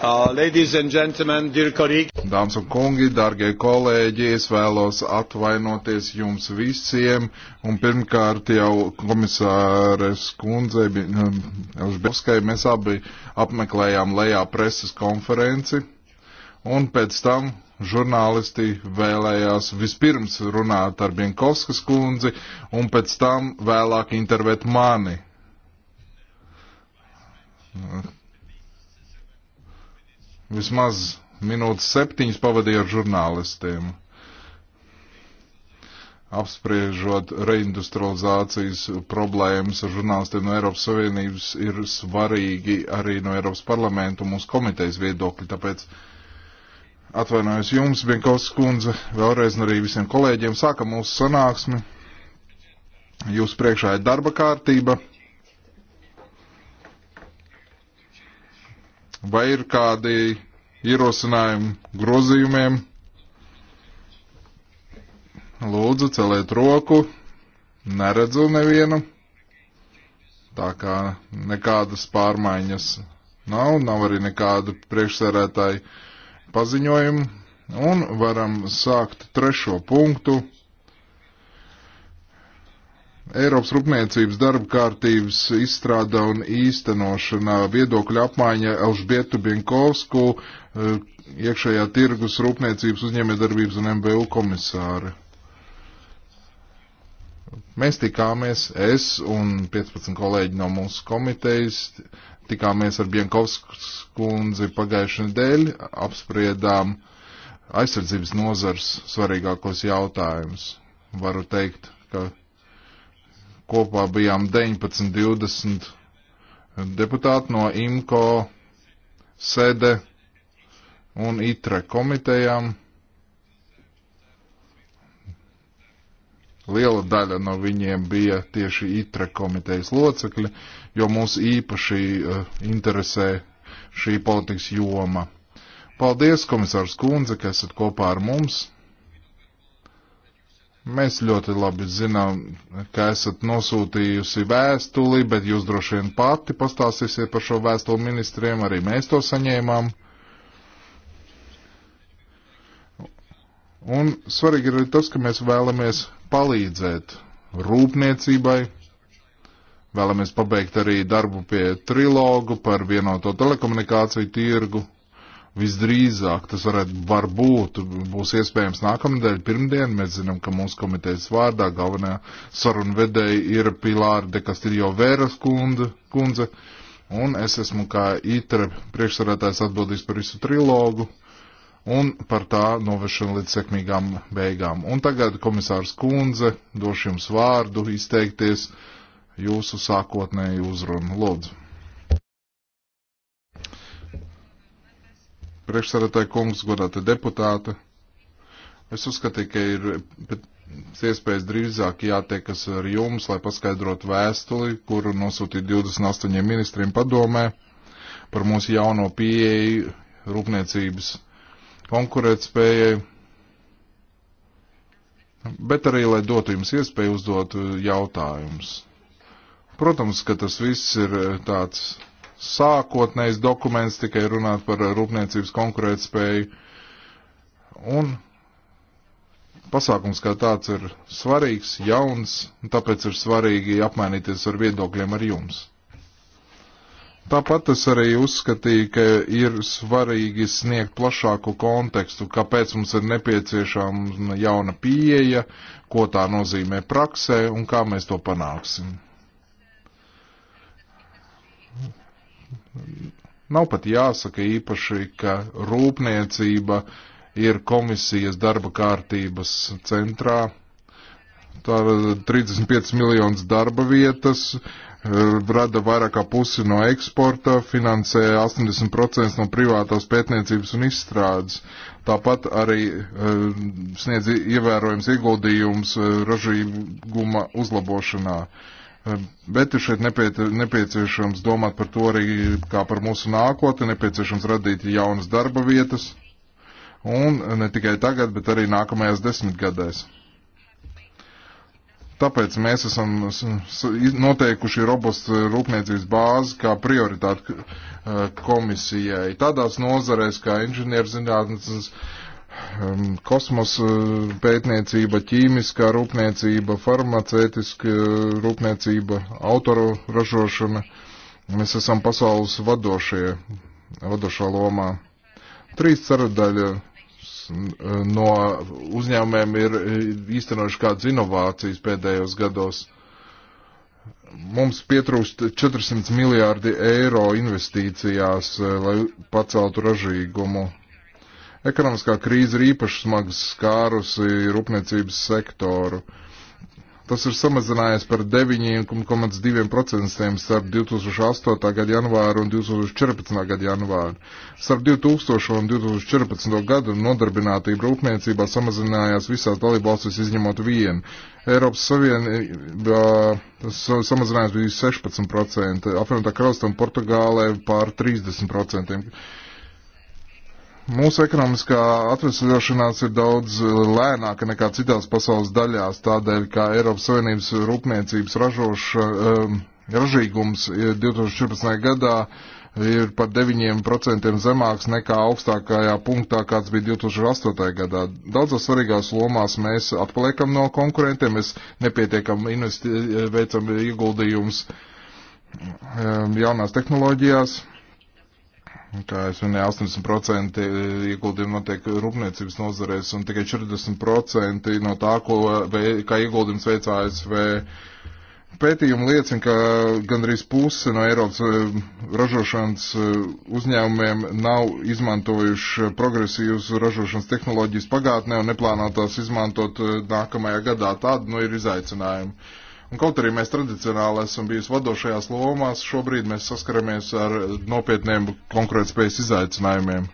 Uh, Dāmas un kungi, dārgie kolēģi, es vēlos atvainoties jums visiem un pirmkārt jau komisāres kundzei um, Elžbevskai mēs abi apmeklējām lejā preses konferenci un pēc tam žurnālisti vēlējās vispirms runāt ar Bienkovskas kundzi un pēc tam vēlāk intervēt mani Vismaz minūtes septiņas pavadīju ar žurnālistiem, apspriežot reindustrializācijas problēmas ar žurnālistiem no Eiropas Savienības ir svarīgi arī no Eiropas parlamentu mūsu komitejas viedokļi, tāpēc atvainojos jums, Bienkovs kundze, vēlreiz arī visiem kolēģiem, sākam mūsu sanāksmi. Jūs priekšā ir darba kārtība. Vai ir kādi ierosinājumi grozījumiem? Lūdzu, celiet roku. Neredzu nevienu. Tā kā nekādas pārmaiņas nav, nav arī nekādu priekšsērētāju paziņojumu. Un varam sākt trešo punktu Eiropas rūpniecības darba kārtības izstrāda un īstenošanā viedokļa apmaiņa Elžbietu Bienkovsku, eh, iekšējā tirgus rūpniecības uzņēmējdarbības un MBU komisāri. Mēs tikāmies, es un 15 kolēģi no mūsu komitejas, tikāmies ar Bienkovskas kundzi pagājušajā nedēļ, apspriedām aizsardzības nozars svarīgākos jautājumus. Varu teikt, ka kopā bijām 19, 20 deputāti no IMCO, SEDE un ITRE komitejām. Liela daļa no viņiem bija tieši ITRE komitejas locekļi, jo mūs īpaši uh, interesē šī politikas joma. Paldies, komisārs Kunze, ka esat kopā ar mums! Mēs ļoti labi zinām, ka esat nosūtījusi vēstuli, bet jūs droši vien pati pastāstīsiet par šo vēstuli ministriem, arī mēs to saņēmām. Un svarīgi ir arī tas, ka mēs vēlamies palīdzēt rūpniecībai, vēlamies pabeigt arī darbu pie trilogu par vienoto telekomunikāciju tirgu Visdrīzāk tas varētu, varbūt, būs iespējams nākamnedēļ, pirmdien. Mēs zinām, ka mūsu komitejas vārdā galvenā sarunvedēja ir Pilāra de Kastiljo Vēras kundze, kundze, un es esmu kā ITRE priekšsarētājs atbildīgs par visu trilogu un par tā novešanu līdz sekmīgām beigām. Un tagad, komisārs kundze, došu jums vārdu izteikties jūsu sākotnēju uzrunu. Lūdzu! priekšsēdētāja kungs, godāta deputāta. Es uzskatīju, ka ir iespējas drīzāk jātiekas ar jums, lai paskaidrotu vēstuli, kuru nosūtīja 28 ministriem padomē par mūsu jauno pieeju rūpniecības konkurētspējai. Bet arī, lai dotu jums iespēju uzdot jautājumus. Protams, ka tas viss ir tāds sākotnējs dokuments tikai runāt par rūpniecības konkurētspēju. Un pasākums kā tāds ir svarīgs, jauns, un tāpēc ir svarīgi apmainīties ar viedokļiem ar jums. Tāpat es arī uzskatīju, ka ir svarīgi sniegt plašāku kontekstu, kāpēc mums ir nepieciešama jauna pieeja, ko tā nozīmē praksē un kā mēs to panāksim. Nav pat jāsaka īpaši, ka rūpniecība ir komisijas darba kārtības centrā. Tā 35 miljonus darba vietas, eh, rada vairāk kā pusi no eksporta, finansē 80% no privātās pētniecības un izstrādes. Tāpat arī uh, sniedz ievērojams ieguldījums uh, ražīguma uzlabošanā. Uh, Bet šeit nepieciešams domāt par to arī kā par mūsu nākotni, nepieciešams radīt jaunas darba vietas. Un ne tikai tagad, bet arī nākamajās desmitgadēs. Tāpēc mēs esam noteikuši robustu rūpniecības bāzi kā prioritāti eh, komisijai. Tādās nozarēs kā inženierzinātnes, Um, kosmosa uh, pētniecība, ķīmiskā rūpniecība, farmacētiska uh, rūpniecība, autoru ražošana. Mēs esam pasaules vadošie, vadošā lomā. Trīs ceradaļa uh, no uzņēmumiem ir īstenojuši kādas inovācijas pēdējos gados. Mums pietrūkst 400 miljārdi eiro investīcijās, lai paceltu ražīgumu Ekonomiskā krīze ir īpaši smagi skārusi rūpniecības sektoru. Tas ir samazinājies par 9,2% starp 2008. gada janvāru un 2014. gada janvāru. Starp 2000 un 2014. gadu nodarbinātība rūpniecībā samazinājās visās dalībvalstīs izņemot vienu. Eiropas Savienībā samazinājums bija 16%, apvienotā karalistē un Portugālē pār 30%. Mūsu ekonomiskā atvesaļošanās ir daudz eh, lēnāka nekā citās pasaules daļās, tādēļ, kā Eiropas Savienības rūpniecības ražoša, um, ražīgums 2014. Eh, gadā ir par 9% zemāks nekā augstākajā punktā, kāds bija 2008. gadā. Daudzās svarīgās lomās mēs atpaliekam no konkurentiem, mēs nepietiekam investi veicam ieguldījums um, ehm, jaunās tehnoloģijās Kā es minēju, 80% ieguldījumu notiek rūpniecības nozarēs, un tikai 40% no tā, ko vei, kā ieguldījums veic ASV. Pētījumi liecina, ka gandrīz puse no Eiropas e, ražošanas e, uzņēmumiem nav izmantojuši progresīvas ražošanas tehnoloģijas pagātnē un neplānotās izmantot e, nākamajā gadā. Tāda nu ir izaicinājuma Un kaut arī mēs tradicionāli esam bijusi vadošajās lomās, šobrīd mēs saskaramies ar nopietniem konkurētspējas izaicinājumiem.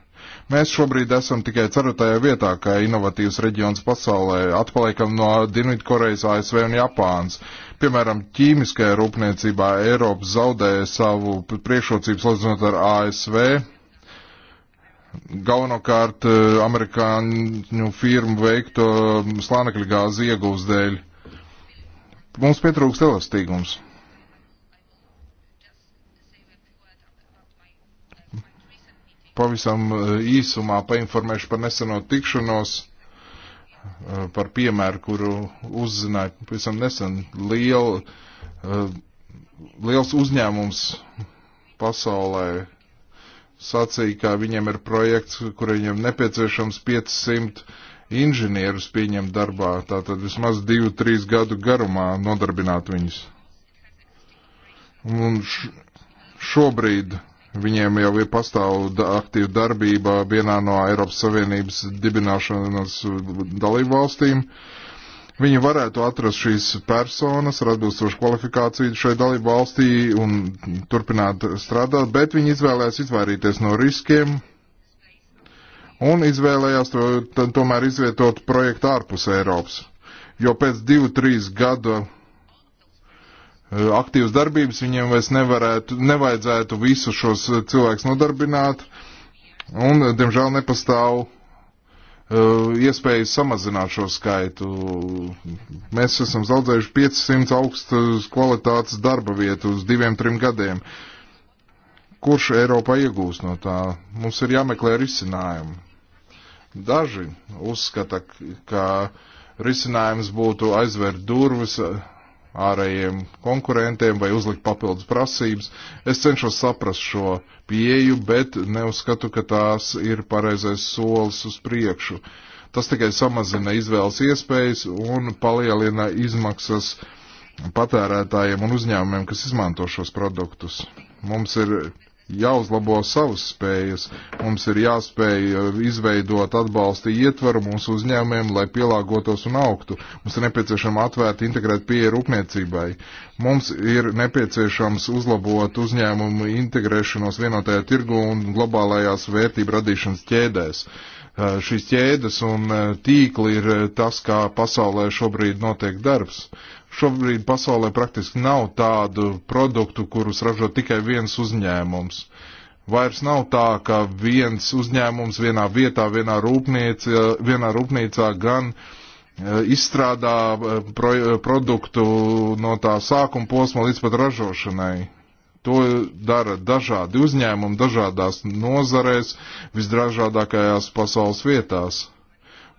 Mēs šobrīd esam tikai ceratājā vietā, kā inovatīvs reģions pasaulē, atpaliekam no Dienvidkorejas, ASV un Japāns. Piemēram, ķīmiskajā rūpniecībā Eiropa zaudēja savu priekšrocību salīdzinot ar ASV. Galvenokārt eh, amerikāņu firmu veikto slānekļa gāzi ieguvs dēļ Mums pietrūkst elastīgums. Pavisam eh, īsumā painformēšu par neseno tikšanos, eh, par piemēru, kuru uzzināju pavisam nesen. Liel, eh, liels uzņēmums pasaulē sacīja, ka viņiem ir projekts, kur viņiem nepieciešams 500 inženierus pieņemt darbā, tātad vismaz divu, trīs gadu garumā nodarbināt viņus. Un šobrīd viņiem jau ir pastāv aktīva darbība vienā no Eiropas Savienības dibināšanas dalību valstīm. Viņi varētu atrast šīs personas ar atbilstošu kvalifikāciju šai dalību valstī un turpināt strādāt, bet viņi izvēlēs izvairīties no riskiem, un izvēlējās to, tomēr izvietot projektu ārpus Eiropas. Jo pēc divu, trīs gadu e, aktīvas darbības viņiem vairs nevarētu, nevajadzētu visus šos e, cilvēkus nodarbināt, un, e, diemžēl, nepastāv iespējas samazināt šo skaitu. Mēs esam zaudzējuši 500 augstas kvalitātes darba vietu uz diviem, trim gadiem. Kurš Eiropā iegūs no tā? Mums ir jāmeklē risinājumi. Daži uzskata, ka risinājums būtu aizvērt durvis ārējiem konkurentiem vai uzlikt papildus prasības. Es cenšos saprast šo pieju, bet neuzskatu, ka tās ir pareizais solis uz priekšu. Tas tikai samazina izvēles iespējas un palielina izmaksas patērētājiem un uzņēmumiem, kas izmanto šos produktus. Mums ir jāuzlabo savas spējas. Mums ir jāspēj uh, izveidot atbalsta ietvaru mūsu uzņēmumiem, lai pielāgotos un augtu. Mums ir nepieciešama atvērta integrēt pieeja rūpniecībai. Mums ir nepieciešams uzlabot uzņēmumu integrēšanos vienotajā tirgu un globālajās vērtību radīšanas ķēdēs. Uh, šīs ķēdes un uh, tīkli ir tas, kā pasaulē šobrīd notiek darbs. Šobrīd pasaulē praktiski nav tādu produktu, kurus ražo tikai viens uzņēmums. Vairs nav tā, ka viens uzņēmums vienā vietā, vienā, rūpnīca, vienā rūpnīcā gan e, izstrādā e, pro, e, produktu no tā sākuma posma līdz pat ražošanai. To dara dažādi uzņēmumi, dažādās nozarēs, visdražādākajās pasaules vietās.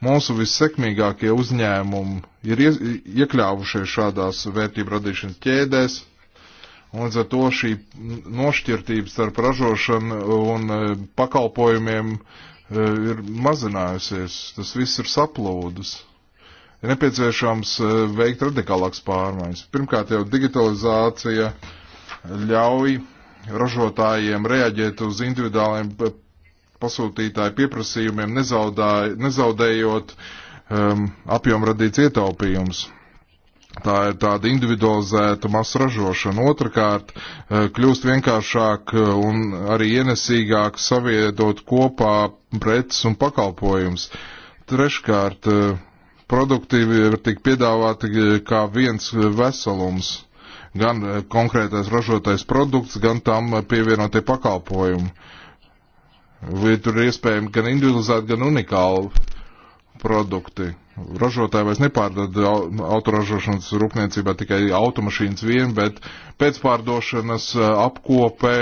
Mūsu vissekmīgākie uzņēmumi ir iekļāvušies šādās vērtību radīšanas ķēdēs, un līdz ar to šī nošķirtība starp ražošanu un e, pakalpojumiem e, ir mazinājusies. Tas viss ir saplūdis ir nepieciešams e, veikt radikālākas pārmaiņas. Pirmkārt, jau digitalizācija ļauj ražotājiem reaģēt uz individuāliem pasūtītāju pieprasījumiem, nezaudāj, nezaudējot um, apjomradīts ietaupījums. Tā ir tāda individualizēta masu ražošana. Otrakārt, uh, kļūst vienkāršāk uh, un arī ienesīgāk savietot kopā preces un pakalpojums. Treškārt, uh, produkti var tik piedāvāti kā viens veselums gan konkrētais ražotais produkts, gan tam pievienotie pakalpojumi. Uh, Vai tur ir iespējami gan individualizēt, gan unikāli produkti? Ražotāji vairs nepārdod autoražošanas rūpniecībā tikai automašīnas vien, bet pēcpārdošanas apkopē,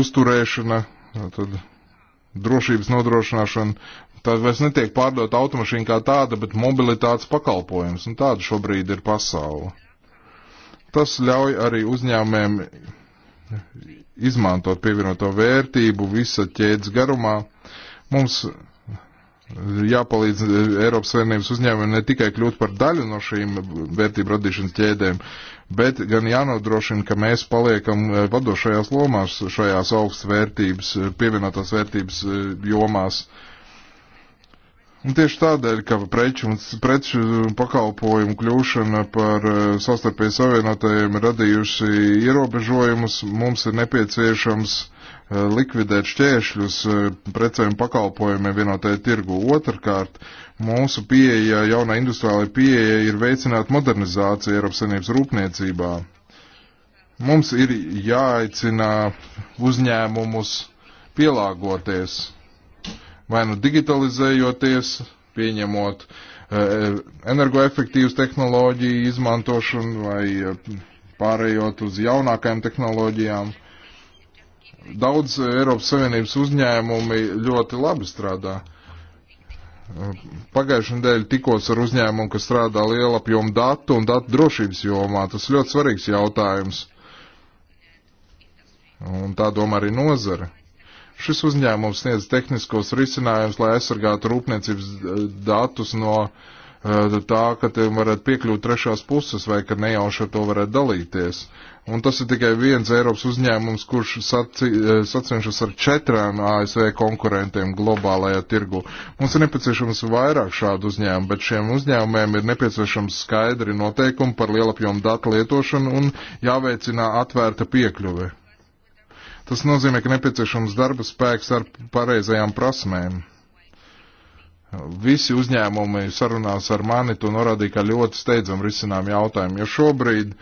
uzturēšana, tad drošības nodrošināšana, tad vairs netiek pārdota automašīna kā tāda, bet mobilitātes pakalpojums, un tāda šobrīd ir pasaule. Tas ļauj arī uzņēmēm izmantot pievienoto vērtību visa ķēdes garumā. Mums jāpalīdz eh, Eiropas Savienības uzņēmumiem ne tikai kļūt par daļu no šīm vērtību radīšanas ķēdēm, bet gan jānodrošina, ka mēs paliekam eh, vadošajās lomās šajās augstas vērtības, eh, pievienotās vērtības jomās. Uh, Un tieši tādēļ, ka preču un preču pakalpojumu kļūšana par e, sastarpēji savienotajiem radījusi ierobežojumus, mums ir nepieciešams e, likvidēt šķēršļus e, precēm pakalpojumiem vienotajā tirgu. Otrkārt, mūsu pieeja, jaunā industriālajā pieeja ir veicināt modernizāciju Eiropas Savienības rūpniecībā. Mums ir jāaicina uzņēmumus pielāgoties vai nu digitalizējoties, pieņemot eh, energoefektīvas tehnoloģiju izmantošanu vai eh, pārējot uz jaunākajām tehnoloģijām. Daudz Eiropas Savienības uzņēmumi ļoti labi strādā. Pagājušajā nedēļā tikos ar uzņēmumu, kas strādā lielapjomu datu un datu drošības jomā. Tas ļoti svarīgs jautājums. Un tā domā arī nozare. Šis uzņēmums sniedz tehniskos risinājumus, lai aizsargātu rūpniecības eh, datus no eh, tā, ka tiem varētu piekļūt trešās puses vai ka nejauši ar to varētu dalīties. Un tas ir tikai viens Eiropas uzņēmums, kurš saci, eh, sacenšas ar četrām ASV konkurentiem globālajā tirgu. Mums ir nepieciešams vairāk šādu uzņēmumu, bet šiem uzņēmumiem ir nepieciešams skaidri noteikumi par lielapjomu datu lietošanu un jāveicina atvērta piekļuve. Tas nozīmē, ka nepieciešams darba spēks ar pareizajām prasmēm. Visi uzņēmumi sarunās ar mani to norādīja, ka ļoti steidzam risinām jautājumu, jo šobrīd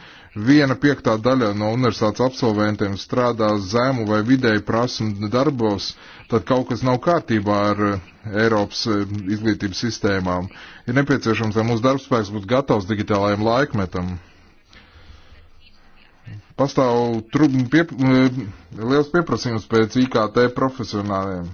viena piektā daļa no universitātes absolventiem strādā zemu vai vidēju prasmu darbos, tad kaut kas nav kārtībā ar eh, Eiropas eh, izglītības sistēmām. Ir nepieciešams, lai mūsu darbspēks būtu gatavs digitālajiem laikmetam pastāv trub, pie, e, liels pieprasījums pēc IKT profesionāliem.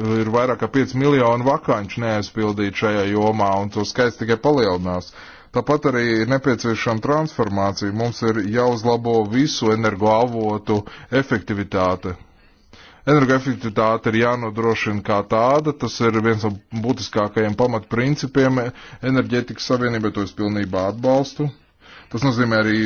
Ir vairāk kā 5 miljonu vakāņu neaizpildīt šajā jomā, un to skaits tikai palielinās. Tāpat arī ir nepieciešama transformācija. Mums ir jāuzlabo visu energoavotu efektivitāte. Energoefektivitāte ir jānodrošina kā tāda, tas ir viens no būtiskākajiem pamatprincipiem enerģētikas savienībai, to es pilnībā atbalstu. Tas nozīmē arī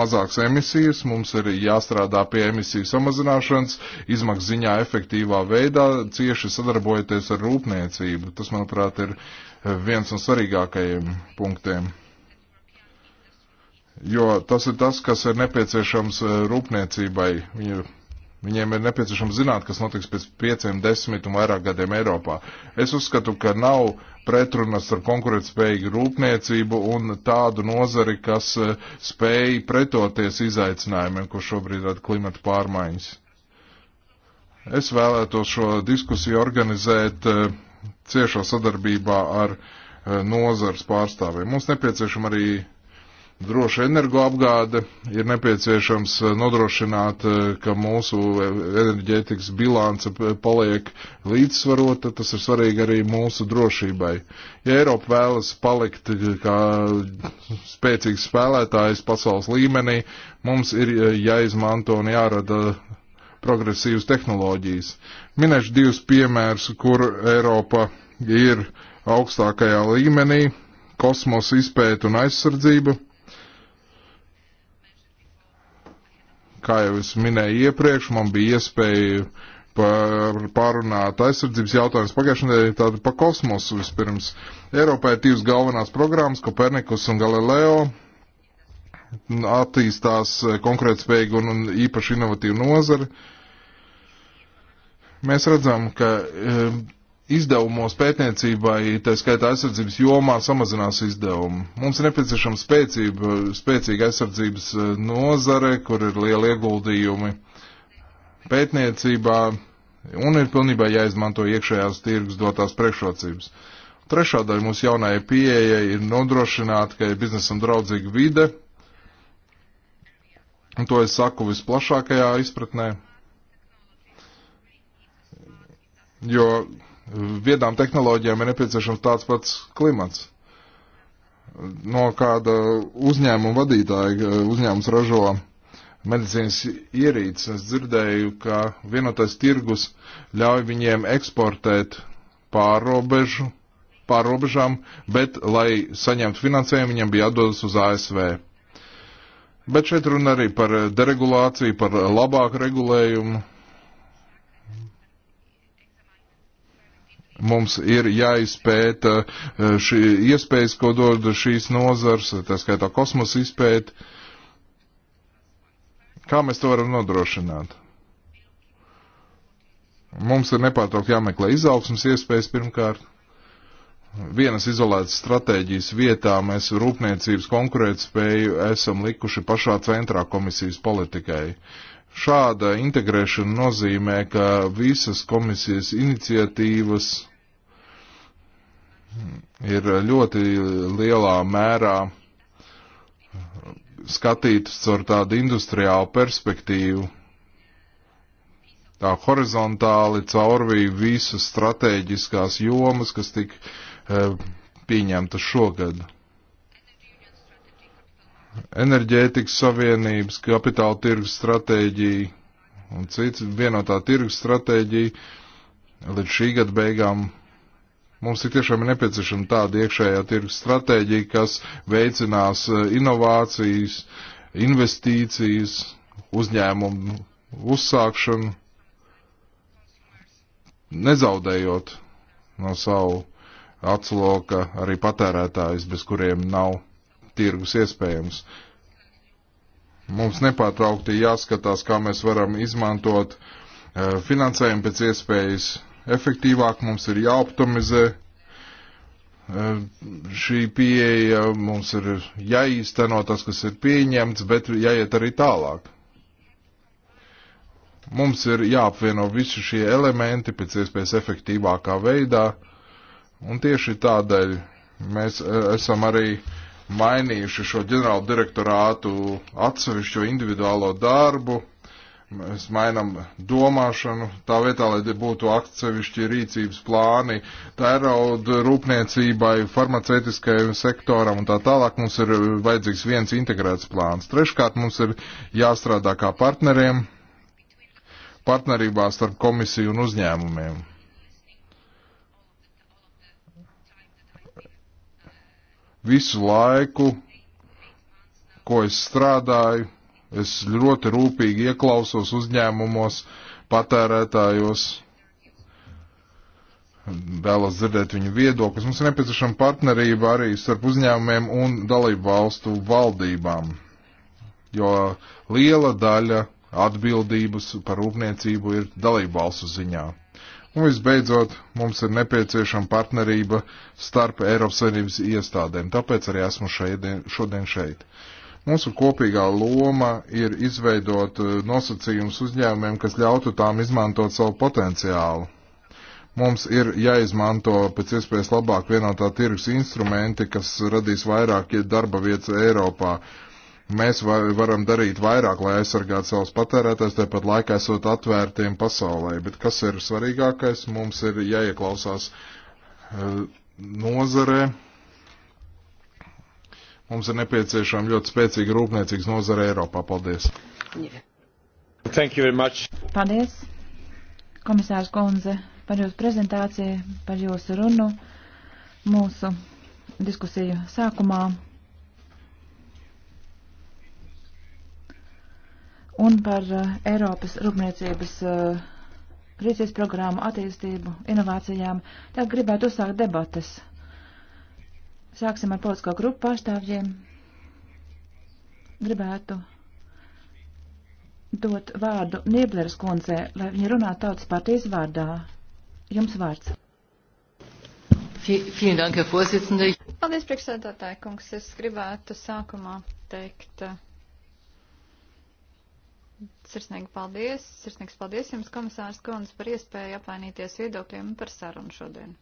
mazākas emisijas, mums ir jāstrādā pie emisiju samazināšanas, izmaksu ziņā efektīvā veidā, cieši sadarbojoties ar rūpniecību. Tas, manuprāt, ir viens no svarīgākajiem punktiem. Jo tas ir tas, kas ir nepieciešams eh, rūpniecībai. Viņa Viņiem ir nepieciešams zināt, kas notiks pēc pieciem, desmit un vairāk gadiem Eiropā. Es uzskatu, ka nav pretrunas ar konkurētspējīgu rūpniecību un tādu nozari, kas eh, spēj pretoties izaicinājumiem, ko šobrīd rada klimata pārmaiņas. Es vēlētos šo diskusiju organizēt eh, ciešā sadarbībā ar eh, nozars pārstāvjiem. Mums nepieciešama arī droša energoapgāde, ir nepieciešams eh, nodrošināt, eh, ka mūsu e, enerģētikas bilance paliek līdzsvarota, tas ir svarīgi arī mūsu drošībai. Ja Eiropa vēlas palikt eh, kā spēcīgs spēlētājs pasaules līmenī, mums ir jāizmanto un jārada progresīvas tehnoloģijas. Minēšu divus piemērus, kur Eiropa ir augstākajā līmenī - kosmosa izpēta un aizsardzība Kā jau es minēju iepriekš, man bija iespēja par pārunāt aizsardzības jautājumus pagājušajā nedēļā, tātad pa kosmosu vispirms. Eiropā ir divas galvenās programmas, Kopernikus un Galileo, attīstās e, konkurētspējīga un, un īpaši inovatīva nozara. Mēs redzam, ka e, izdevumos pētniecībai, tā skaitā aizsardzības jomā, samazinās izdevumi. Mums ir nepieciešama spēcība, spēcīga aizsardzības eh, nozare, kur ir liela ieguldījumi pētniecībā, un ir pilnībā jāizmanto iekšējās tirgus dotās priekšrocības. Trešā daļa mūsu jaunajai pieejai ir nodrošināt, ka ir biznesam draudzīga vide, un to es saku visplašākajā izpratnē, jo viedām tehnoloģijām ir nepieciešams tāds pats klimats. No kāda uzņēmuma vadītāja eh, uzņēmums ražo medicīnas ierīces, es dzirdēju, ka vienotais tirgus ļauj viņiem eksportēt pārrobežu, pārrobežām, bet, lai saņemtu finansējumu, viņiem bija jādodas uz ASV. Bet šeit runa arī par deregulāciju, par labāku regulējumu mums ir jāizpēta e, šī iespējas, ko dod šīs nozars, tā skaitā kosmosa izpēta. Kā mēs to varam nodrošināt? Mums ir nepārtraukti jāmeklē izaugsmas iespējas pirmkārt. Vienas izolētas stratēģijas vietā mēs rūpniecības konkurētspēju esam likuši pašā centrā komisijas politikai. Uh, Šāda integrēšana nozīmē, ka visas komisijas iniciatīvas ir ļoti lielā mērā skatītas caur tādu industriālu perspektīvu, tā horizontāli caurvīja visas stratēģiskās jomas, kas tika e, eh, pieņemtas šogad enerģētikas savienības, kapitāla tirgus stratēģija un cits vienotā tirgus stratēģija līdz šī gada beigām. Mums ir tiešām nepieciešama tāda iekšējā tirgus stratēģija, kas veicinās eh, inovācijas, investīcijas, uzņēmumu uzsākšanu, nezaudējot no savu atsloka arī patērētājus, bez kuriem nav tirgus iespējams. Mums nepārtraukti jāskatās, kā mēs varam izmantot eh, finansējumu pēc iespējas efektīvāk, mums ir jāoptimizē eh, šī pieeja, mums ir jāīsteno tas, kas ir pieņemts, bet jāiet arī tālāk. Mums ir jāapvieno visi šie elementi pēc iespējas efektīvākā veidā, un tieši tādēļ mēs eh, esam arī uh, mainījuši šo ģenerālu direktorātu atsevišķo individuālo darbu. Mēs mainām domāšanu, tā vietā, lai būtu atsevišķi rīcības plāni tērauda rūpniecībai, farmaceitiskajam sektoram un tā tālāk. Mums ir vajadzīgs viens integrēts plāns. Treškārt mums ir jāstrādā kā partneriem, partnerībā starp komisiju un uzņēmumiem visu laiku, ko es strādāju, es ļoti rūpīgi ieklausos uzņēmumos, patērētājos, vēlas dzirdēt viņu viedokļus. Mums ir nepieciešama partnerība arī starp uzņēmumiem un dalību valstu valdībām, jo liela daļa atbildības par rūpniecību ir dalību valstu ziņā. Un visbeidzot, mums ir nepieciešama partnerība starp Eiropas Savienības iestādēm, tāpēc arī esmu šeidien, šodien šeit. Mūsu kopīgā loma ir izveidot eh, nosacījumus uzņēmumiem, kas ļautu tām izmantot savu potenciālu. Mums ir jāizmanto pēc iespējas labāk vienotā tirgus instrumenti, kas radīs vairāk darba vietas Eiropā, Mēs var, varam darīt vairāk, lai aizsargātu savus patērētājus, tāpat laikā esot atvērtiem pasaulē. Bet kas ir svarīgākais? Mums ir jāieklausās eh, nozarē. Mums ir nepieciešama ļoti spēcīga rūpniecības nozara Eiropā. Paldies! Thank you very much! Paldies, komisārs Konze, par jūsu prezentāciju, par jūsu runu mūsu diskusiju sākumā. un par eh, Eiropas rūpniecības eh, rīcības programmu attīstību, inovācijām. Tagad gribētu uzsākt debatas. Sāksim ar politisko grupu pārstāvjiem. Gribētu dot vārdu Niebleres kundzē, lai viņa runā tautas partijas vārdā. Jums vārds. Vielen Dank, Herr Vorsitzender. Paldies, priekšsēdētāji kungs. Es gribētu sākumā teikt eh, Sirsnīgi paldies. Sirsnīgs paldies jums, komisārs Kondis, par iespēju apvainīties viedokļiem un par sarunu šodien.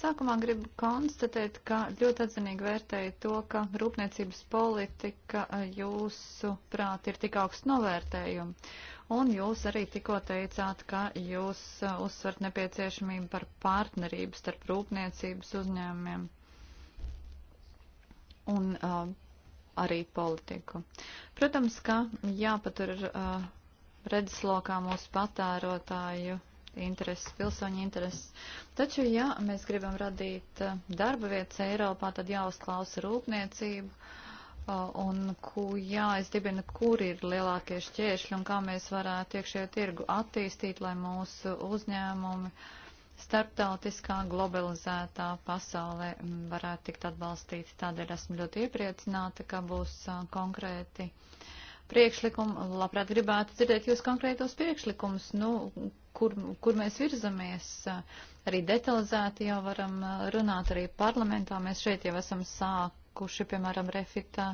Sākumā gribu konstatēt, ka ļoti atzinīgi vērtēju to, ka rūpniecības politika jūsu prāt ir tik augsts novērtējumi. Un jūs arī tikko teicāt, ka jūs uzsvert nepieciešamību par partnerību starp rūpniecības uzņēmumiem un uh, arī politiku. Protams, ka jāpatur uh, redzeslokā mūsu patērotāju intereses, pilsoņu intereses. Taču, ja mēs gribam radīt uh, darba vietas Eiropā, tad jāuzklausa rūpniecību uh, un ku, jāizdibina, kur ir lielākie šķēršļi un kā mēs varētu iekšējo tirgu attīstīt, lai mūsu uzņēmumi uh, starptautiskā globalizētā pasaulē mm, varētu tikt atbalstīti. Tādēļ esmu ļoti iepriecināta, ka būs konkrēti priekšlikumi. Labprāt gribētu dzirdēt jūs konkrētos priekšlikumus, nu, kur, kur mēs virzamies. Arī detalizēti jau varam runāt arī parlamentā. Mēs šeit jau esam sāk kurš ir, piemēram, refita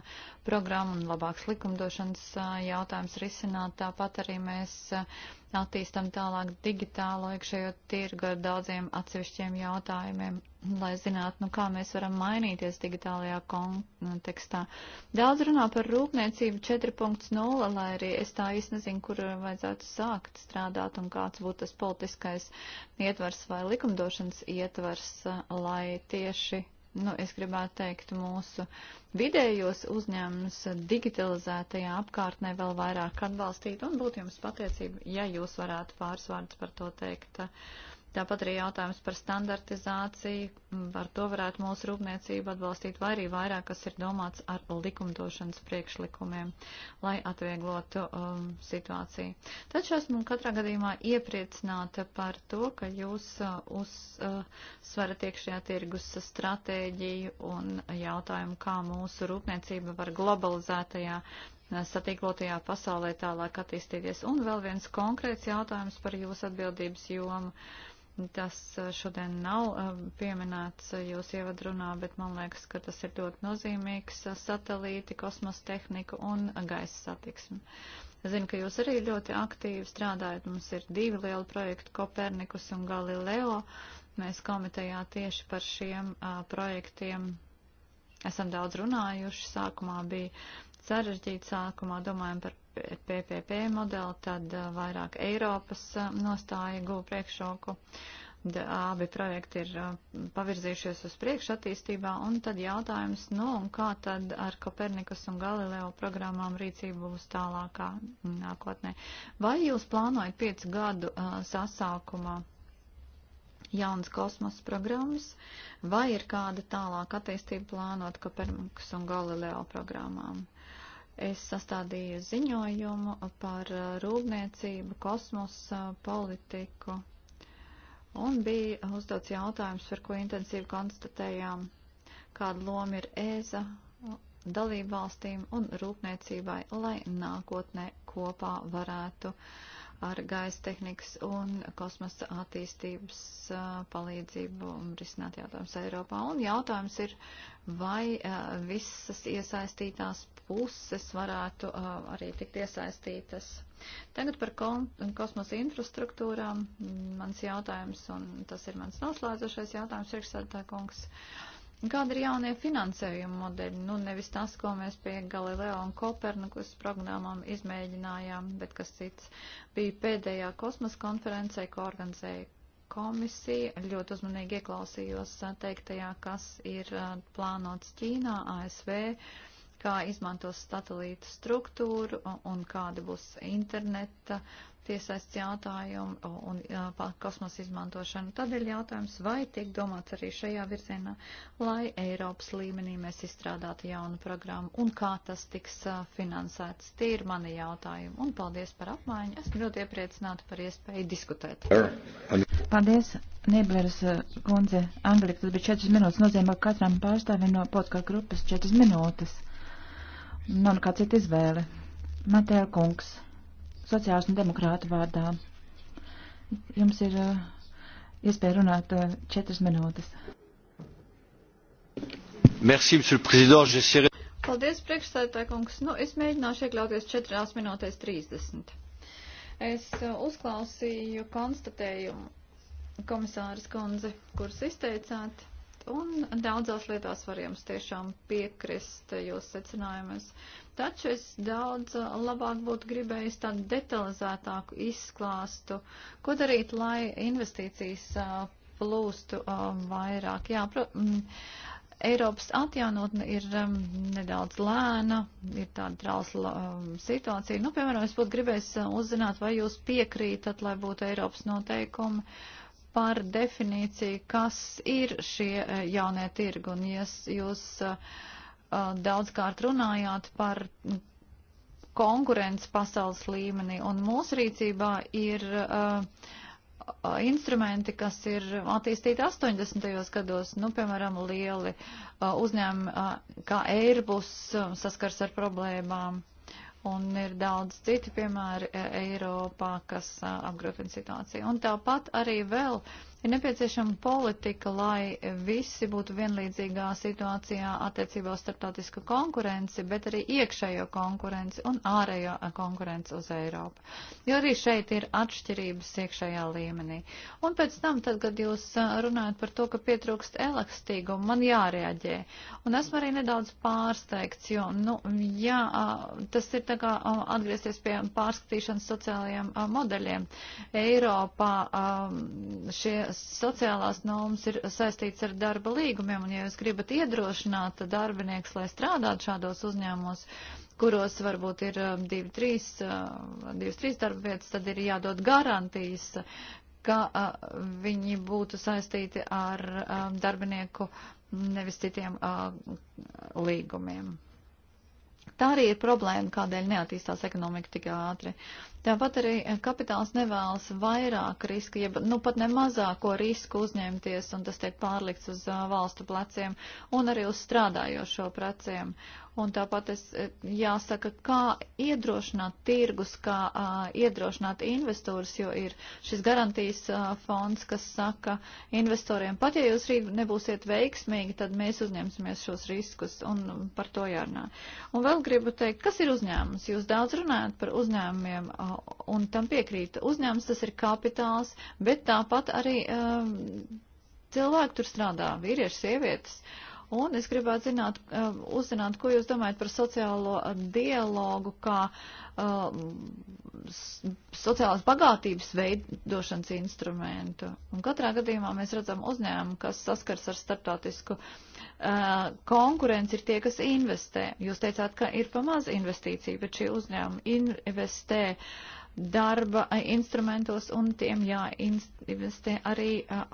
programma un labāks likumdošanas jautājums risināt. Tāpat arī mēs attīstam tālāk digitālo iekšējo tirgu ar daudziem atsevišķiem jautājumiem, lai zinātu, nu, kā mēs varam mainīties digitālajā kontekstā. Daudz runā par rūpniecību 4.0, lai arī es tā īsti nezinu, kur vajadzētu sākt strādāt un kāds būtu tas politiskais ietvers vai likumdošanas ietvers, lai tieši nu, es gribētu teikt, mūsu vidējos uzņēmumus digitalizētajā apkārtnē vēl vairāk atbalstīt, un būtu jums pateicība, ja jūs varētu pāris vārdus par to teikt. Uh, Tāpat arī jautājums par standartizāciju, mm, ar to varētu mūsu rūpniecību atbalstīt, vai arī vairāk, kas ir domāts ar likumdošanas priekšlikumiem, lai atvieglotu um, situāciju. Taču esmu katrā gadījumā iepriecināta par to, ka jūs uh, uzsverat uh, iekšējā tirgus stratēģiju un jautājumu, kā mūsu rūpniecība var globalizētajā uh, satīklotajā pasaulē tālāk attīstīties. Un vēl viens konkrēts jautājums par jūsu atbildības jomu. Uh, Tas eh, šodien nav eh, pieminēts eh, jūs ievadrunā, bet man liekas, ka tas ir ļoti nozīmīgs satelīti, kosmosa tehnika un gaisa satiksme. Zinu, ka jūs arī ļoti aktīvi strādājat. Mums ir divi lieli projekti, Kopernikus un Galileo. Mēs komitejā tieši par šiem a, projektiem esam daudz runājuši. Sākumā bija sarežģīti, sākumā domājam par PPP modeli, tad uh, vairāk Eiropas uh, nostāja guva priekšroku. Abi projekti ir uh, pavirzījušies uz priekšu attīstībā, un tad jautājums, nu, un kā tad ar Kopernikus un Galileo programmām rīcība būs tālākā nākotnē. Vai jūs plānojat piecu gadu uh, sasākumā jaunas kosmosa programmas, vai ir kāda tālāka attīstība plānot Kopernikus un Galileo programmām? Es sastādīju ziņojumu par uh, rūpniecību, kosmosa uh, politiku un bija uzdots jautājums, par ko intensīvi konstatējām, kāda loma ir ēza dalību valstīm un rūpniecībai, lai nākotnē kopā varētu ar gaisa tehnikas un kosmosa attīstības uh, palīdzību risināt jautājumus Eiropā. Un jautājums ir, vai visas iesaistītās puses varētu uh, arī tikt iesaistītas. Tagad par kosmosa infrastruktūrām. Mans jautājums, un tas ir mans noslēdzošais jautājums, priekšsēdētā kungs. Kāda ir jaunie finansējuma modeļi? Nu, nevis tas, ko mēs pie Galileo un Kopernikus programmām izmēģinājām, bet kas cits bija pēdējā kosmosa konferencē, ko organizēja komisija. Ļoti uzmanīgi ieklausījos teiktajā, kas ir plānots Ķīnā, ASV kā izmantos satelītu struktūru un kāda būs interneta tiesaists jautājumu un kosmosa izmantošanu. Tad ir jautājums, vai tiek domāts arī šajā virzienā, lai Eiropas līmenī mēs izstrādātu jaunu programmu un kā tas tiks finansēts. Tie ir mani jautājumi. Un paldies par apmaiņu. Esmu ļoti iepriecināta par iespēju diskutēt. Paldies, Nībleres kundze. Anglik, tas bija 4 minūtes. Nozīmē, ka katram pārstāvim no podkā grupas 4 minūtes. Nav nekā cita izvēle. Matēl kungs, sociāls un demokrāta vārdā. Jums ir eh, iespēja runāt eh, četras minūtes. Merci, monsieur le président. J'essaierai. Paldies, priekšstādātāj kungs. Nu, es mēģināšu iekļauties četrās minūtēs trīsdesmit. Es eh, uzklausīju konstatējumu komisāras kundze, kuras izteicāt un daudzās lietās var jums tiešām piekrist jūs secinājumus. Taču es daudz labāk būtu gribējis tādu detalizētāku izklāstu, ko darīt, lai investīcijas plūstu vairāk. Jā, pro, Eiropas atjaunotne ir um, nedaudz lēna, ir tāda trausla um, situācija. Nu, piemēram, es būtu gribējis uzzināt, vai jūs piekrītat, lai būtu Eiropas noteikumi. Uh, par definīciju, kas ir šie e, jaunie tirgi. Un ja jūs e, e, daudzkārt runājāt par konkurences pasaules līmenī, un mūsu rīcībā ir uh, instrumenti, kas ir attīstīti 80. gados, nu, piemēram, lieli uzņēmumi kā Airbus saskars ar problēmām. Un ir daudz citu piemēru e, Eiropā, kas apgrūtina situāciju. Un tāpat arī vēl uh, Ir nepieciešama politika, lai visi būtu vienlīdzīgā situācijā attiecībā uz starptautisku konkurenci, bet arī iekšējo konkurenci un ārējo konkurenci uz Eiropu. Jo arī šeit ir atšķirības iekšējā līmenī. Un pēc tam, tad, kad jūs runājat par to, ka pietrūkst elastīgumu, man jārēģē. Un esmu arī nedaudz pārsteigts, jo, nu, jā, tas ir tā kā atgriezties pie pārskatīšanas sociālajiem modeļiem. Eiropā šie sociālās normas ir saistīts ar darba līgumiem, un ja jūs gribat iedrošināt darbinieks, lai strādātu šādos uzņēmumos, kuros varbūt ir um, divi, trīs, uh, divas, trīs darba vietas, tad ir jādod garantijas, ka uh, viņi būtu saistīti ar um, darbinieku nevis citiem uh, līgumiem. Tā arī ir problēma, kādēļ neattīstās ekonomika tik ātri. Tāpat arī eh, kapitāls nevēlas vairāk riska, jeb nu pat ne mazāko risku uzņemties, un tas tiek pārlikts uz eh, valstu pleciem un arī uz strādājošo pleciem. Un tāpat es eh, jāsaka, kā iedrošināt tirgus, kā uh, iedrošināt investorus, jo ir šis garantijas uh, fonds, kas saka investoriem, pat ja jūs rīt nebūsiet veiksmīgi, tad mēs uzņemsimies šos riskus un par to jārunā. Un vēl gribu teikt, kas ir uzņēmums? Jūs daudz runājat par uzņēmumiem uh, un tam piekrīt. Uzņēmums tas ir kapitāls, bet tāpat arī um, cilvēki tur strādā, vīrieši, sievietes. Uh, Un es gribētu zināt, eh, uzzināt, ko jūs domājat par sociālo eh, dialogu, kā eh, sociālās bagātības veidošanas instrumentu. Un katrā gadījumā mēs redzam uzņēmumu, kas saskars ar starptautisku konkurenci, ir tie, kas investē. Jūs teicāt, ka ir pamaz investīcija, bet šie uzņēmumi investē darba instrumentos un tiem jāinvestē arī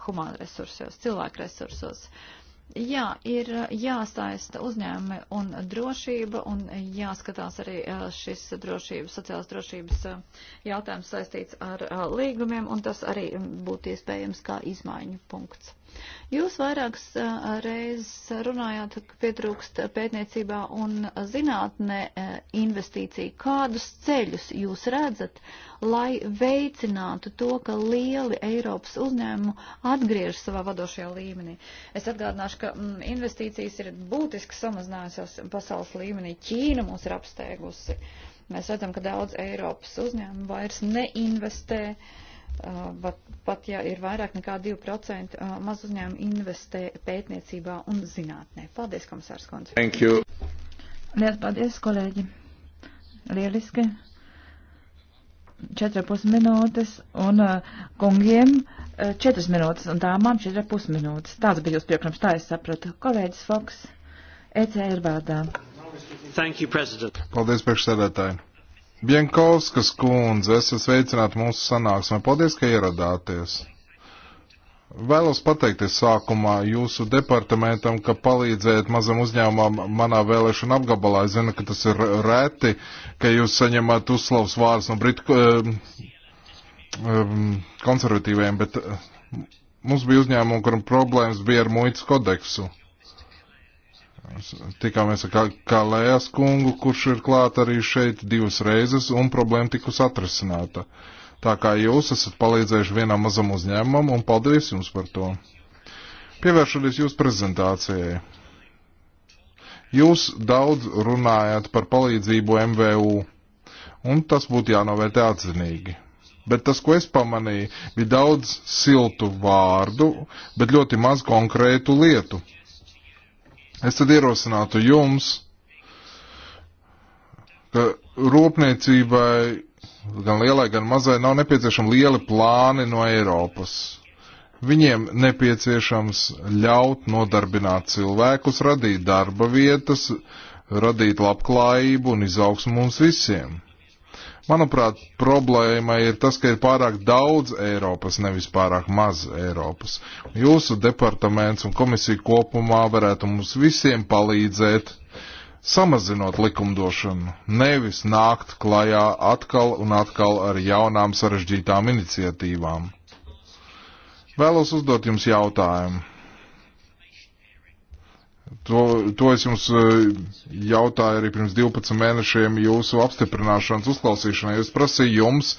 humānresursos, cilvēku resursos. Uh, Jā, ir uh, jāsaista uzņēmumi un drošība un jāskatās arī uh, šis drošības, sociālās drošības uh, jautājums saistīts ar līgumiem un tas arī būtu iespējams kā izmaiņu punkts. Jūs vairākas reizes runājāt, ka pietrūkst pētniecībā un zinātnē investīciju. Kādus ceļus jūs redzat, lai veicinātu to, ka lieli Eiropas uzņēmumu atgriež savā vadošajā līmenī? Es atgādināšu, ka mm, investīcijas ir būtiski samazinājusies pasaules līmenī. Ķīna mūs ir apsteigusi. Mēs redzam, ka daudz Eiropas uzņēmumu vairs neinvestē. Uh, Pat, uh, pat ja ir vairāk nekā 2% uh, mazuzņēmumu investē pētniecībā un zinātnē. Paldies, komisārs Kondze. Thank you. Lielas paldies, kolēģi. Lieliski. 4,5 minūtes un uh, kungiem uh, 4 minūtes un dāmām 4,5 minūtes. Tāds bija jūs priekšams, tā es sapratu. Kolēģis Foks, ECR vārdā. Thank you, President. Paldies, priekšsēdētāji. Bienkovskas kundze, es esmu sveicināta mūsu sanāksmē. Paldies, ka ieradāties. Vēlos pateikties sākumā jūsu departamentam, ka palīdzējat mazam uzņēmumam manā vēlēšana apgabalā. Es zinu, ka tas ir reti, ka jūs saņemat uzslavas vārdus no Britu um, eh, eh, mm, konservatīviem, bet eh, mums bija uzņēmumi, kuram problēmas bija ar muitas kodeksu. Tikāmies ar Kalējas kungu, kurš ir klāt arī šeit divas reizes, un problēma tikus atrasināta. Tā kā jūs esat palīdzējuši vienam mazam uzņēmumam, un paldies jums par to. Pievēršoties jūsu prezentācijai. Jūs daudz runājat par palīdzību MVU, un tas būtu jānovērtē atzinīgi. Bet tas, ko es pamanīju, bija daudz siltu vārdu, bet ļoti maz konkrētu lietu. Es tad ierosinātu jums, ka rūpniecībai, gan lielai, gan mazai, nav nepieciešami lieli plāni no Eiropas. Viņiem nepieciešams ļaut nodarbināt cilvēkus, radīt darba vietas, radīt labklājību un izaugsmu mums visiem. Manuprāt, problēma ir tas, ka ir pārāk daudz Eiropas, nevis pārāk maz Eiropas. Jūsu departaments un komisija kopumā varētu mums visiem palīdzēt samazinot likumdošanu, nevis nākt klajā atkal un atkal ar jaunām sarežģītām iniciatīvām. Vēlos uzdot jums jautājumu To, to es jums e, jautāju arī pirms 12 mēnešiem jūsu apstiprināšanas uzklausīšanai. Es prasīju jums,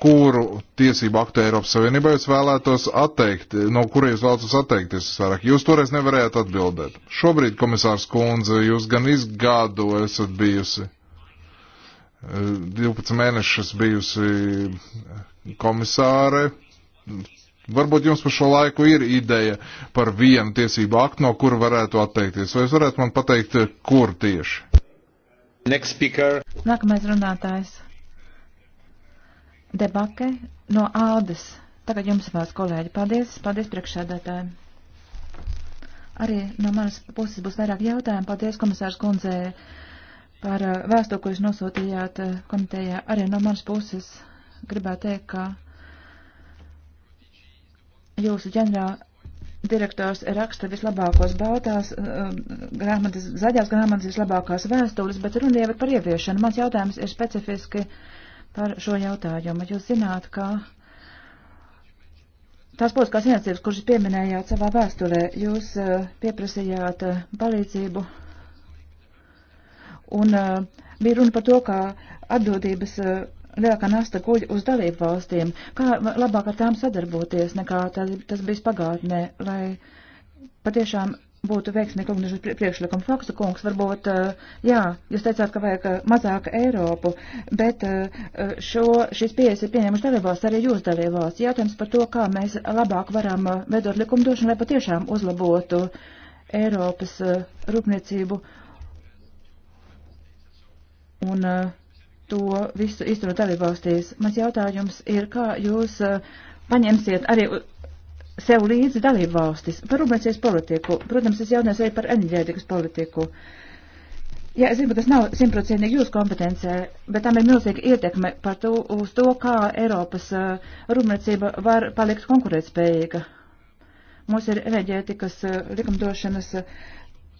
kuru tiesību aktu Eiropas Savienībā jūs vēlētos atteikt, no kura jūs vēlētos atteikties vairāk. Jūs toreiz nevarējāt atbildēt. Šobrīd, komisārs Kunze, jūs gan izgādu esat bijusi. 12 e, mēnešus bijusi komisāre, Varbūt jums par šo laiku ir ideja par vienu tiesību aktu, no kura varētu atteikties. Vai jūs varētu man pateikt, kur tieši? Nākamais runātājs. Debake no Ādas. Tagad jums vārds, kolēģi. Paldies, paldies priekšsēdētājiem. Arī no manas puses būs vairāk jautājumu. Paldies, komisārs Kundzē, par eh, vēstu, ko jūs nosūtījāt eh, komitejā. Arī no manas puses gribētu teikt, ka Jūsu ģenerāla direktors raksta vislabākos baltās eh, grāmatas, zaļās grāmatas vislabākās vēstules, bet runa jau ir par ieviešanu. Mans jautājums ir specifiski par šo jautājumu. Jūs zināt, ka tās politiskās iniciatīvas, kuras pieminējāt savā vēstulē, jūs eh, pieprasījāt eh, palīdzību un bija runa par to, kā atbildības lielākā nasta guļ uz dalību valstīm. Kā labāk ar tām sadarboties nekā tas, tas bijis pagātnē, lai patiešām būtu veiksmīgi lūgniešas priekšlikumi. Faksa kungs, varbūt, jā, jūs teicāt, ka vajag mazāk Eiropu, bet šo, šīs pieejas ir pieņemuši dalībās, arī jūs dalībās. Jautājums par to, kā mēs labāk varam veidot likumdošanu, lai patiešām uzlabotu Eiropas rūpniecību. Un uh, to visu izturot dalībvalstīs. Mans jautājums ir, kā jūs eh, paņemsiet arī sev līdzi dalībvalstis par rūpniecības politiku. Protams, es jautājums arī par enerģētikas politiku. Jā, es zinu, ka tas nav simtprocentīgi jūsu kompetencē, bet tam ir milzīga ietekme par to, uz to, kā Eiropas uh, rūpniecība var palikt konkurētspējīga. Mums ir enerģētikas uh, likumdošanas uh,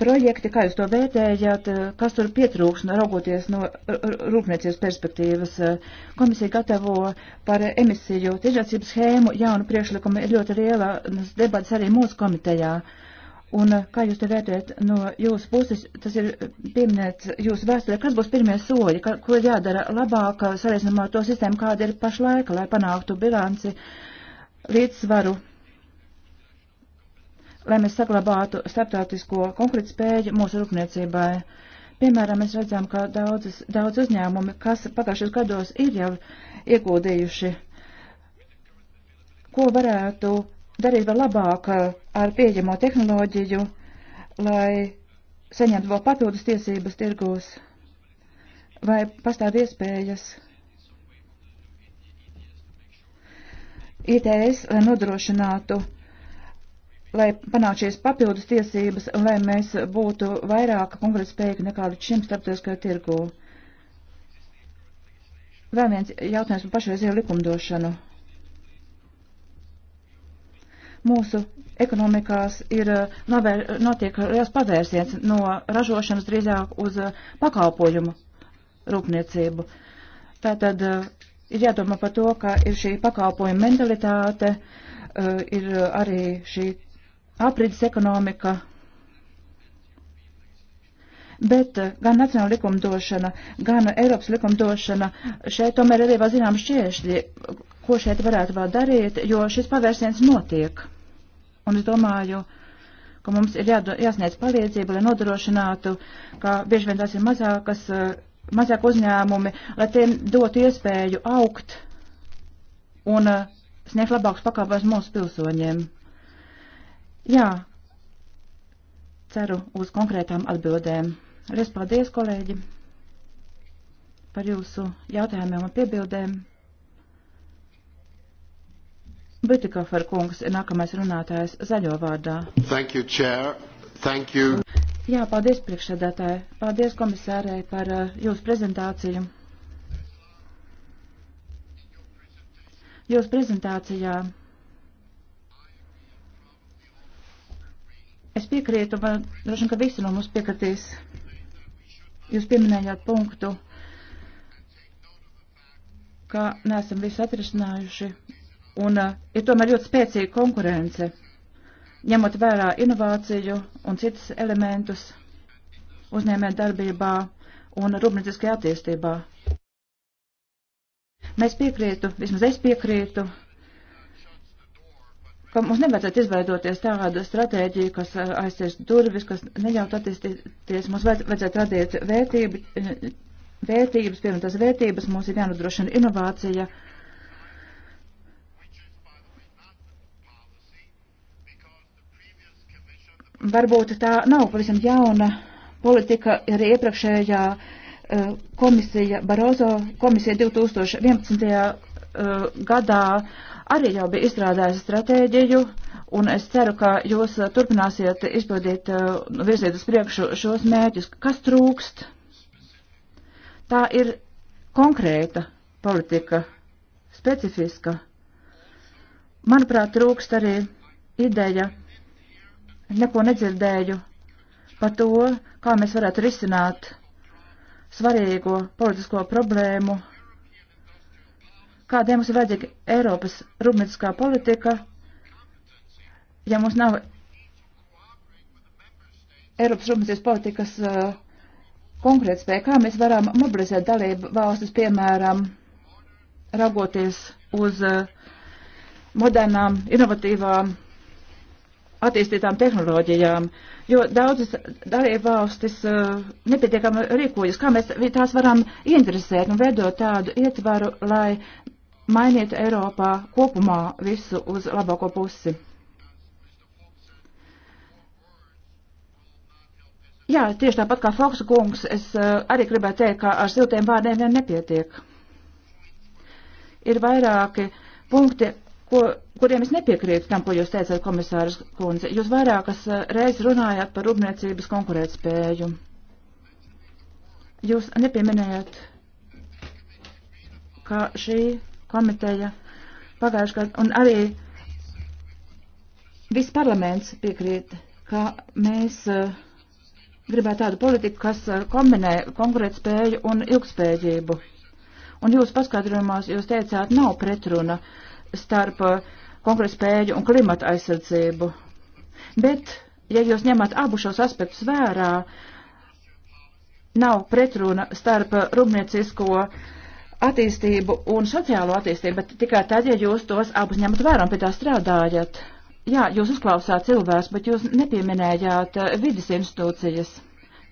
projekti, kā jūs to vērtējat, eh, kas tur pietrūks, no raugoties no rūpniecības perspektīvas. Eh, komisija gatavo par emisiju tiešācības schēmu jaunu priekšlikumu, ir ļoti liela debats arī mūsu komitejā. Un eh, kā jūs to vērtējat no jūsu puses, tas ir pieminēts jūsu vēsturē, kas būs pirmie soļi, ka, ko ir jādara labāk, salīdzinām ar to sistēmu, kāda ir pašlaika, lai panāktu bilanci līdzsvaru lai mēs saglabātu starptautisko konkurētspēju mūsu rūpniecībai. Piemēram, mēs redzam, ka daudzas, daudz uzņēmumi, kas pagājušajos gados ir jau iegūdījuši, ko varētu darīt vēl labāk ar pieejamo tehnoloģiju, lai saņemtu vēl papildus tiesības tirgos, vai pastāv iespējas ITS, lai nodrošinātu lai panāktu šīs papildus tiesības un lai mēs būtu vairāk konkurētspējīgi nekā līdz šim starptautiskajā tirgū. Vēl viens jautājums par pašreizējo likumdošanu. Mūsu ekonomikās ir eh, novēr, notiek liels pavērsiens no ražošanas drīzāk uz eh, pakalpojumu rūpniecību. Tātad eh, ir jādomā par to, ka ir šī pakalpojuma mentalitāte, ir arī šī aprīdas ekonomika, bet eh, gan nacionāla likumdošana, gan Eiropas likumdošana šeit tomēr ir vēl zinām šķiešļi, ko šeit varētu vēl darīt, jo šis pavērsiens notiek. Un es domāju, ka mums ir jādo, jāsniedz palīdzība, lai nodrošinātu, ka bieži vien tās ir mazākas, eh, mazāk uzņēmumi, lai tiem dotu iespēju augt un eh, sniegt labākus pakalpojumus mūsu pilsoņiem. Jā, ceru uz konkrētām atbildēm. Reiz paldies, kolēģi, par jūsu jautājumiem un piebildēm. Bitikofer kungs ir nākamais runātājs zaļo vārdā. Thank you, chair. Thank you. Jā, paldies priekšsēdētāji. Paldies komisārei par uh, jūsu prezentāciju. Jūsu prezentācijā Es piekrītu, man droši vien, ka visi no mums piekritīs. Jūs pieminējāt punktu, ka neesam visu atrisinājuši, un uh, ir tomēr ļoti spēcīga konkurence, ņemot vērā inovāciju un citus elementus uzņēmē darbībā un rūpnieciskajā attīstībā. Mēs piekrītu, vismaz es piekrītu, ka mums nevajadzētu izveidoties tādu stratēģiju, kas uh, aizsies durvis, kas neļaut attīstīties. Mums vajadzētu radīt vērtību, vērtības, piemēram, tās vērtības, mums ir jānodrošina inovācija. Varbūt tā nav pavisam jauna politika, arī iepriekšējā uh, komisija Barozo komisija 2011 uh, gadā arī jau bija izstrādājis stratēģiju, un es ceru, ka jūs eh, turpināsiet izpildīt, uh, virzīt uz priekšu šos mērķus. Kas trūkst? Tā ir konkrēta politika, specifiska. Manuprāt, trūkst arī ideja, neko nedzirdēju par to, kā mēs varētu risināt svarīgo politisko problēmu kādēļ mums ir vajadzīga Eiropas rūpnieciskā politika, ja mums nav Eiropas rūpniecības politikas uh, konkrētspēja, kā mēs varam mobilizēt dalību valstis, piemēram, raugoties uz uh, modernām, inovatīvām, attīstītām tehnoloģijām, jo daudzas dalību valstis uh, nepietiekami rīkojas, kā mēs tās varam interesēt un veidot tādu ietvaru, lai mainītu Eiropā kopumā visu uz labāko pusi. Jā, tieši tāpat kā Foksa kungs, es eh, arī gribētu teikt, ka ar siltiem vārdiem vien nepietiek. Ir vairāki punkti, ko, kuriem es nepiekrītu tam, ko jūs teicāt, komisārs kundze. Jūs vairākas eh, reizes runājāt par rūpniecības konkurētspēju. Jūs nepieminējat, ka šī komiteja pagājuši gadu, un arī viss parlaments piekrīt, ka mēs eh, gribētu tādu politiku, kas eh, kombinē konkurētspēju un ilgspējību. Un jūs paskatrojumos, jūs teicāt, nav pretruna starp eh, konkurētspēju un klimata aizsardzību. Bet, ja jūs ņemat abu šos aspektus vērā, nav pretruna starp rūpniecisko uh, attīstību un sociālo attīstību, bet tikai tad, ja jūs tos abus ņemat vērā un pie tā strādājat. Jā, jūs uzklausāt cilvēks, bet jūs nepieminējāt eh, vidas institūcijas.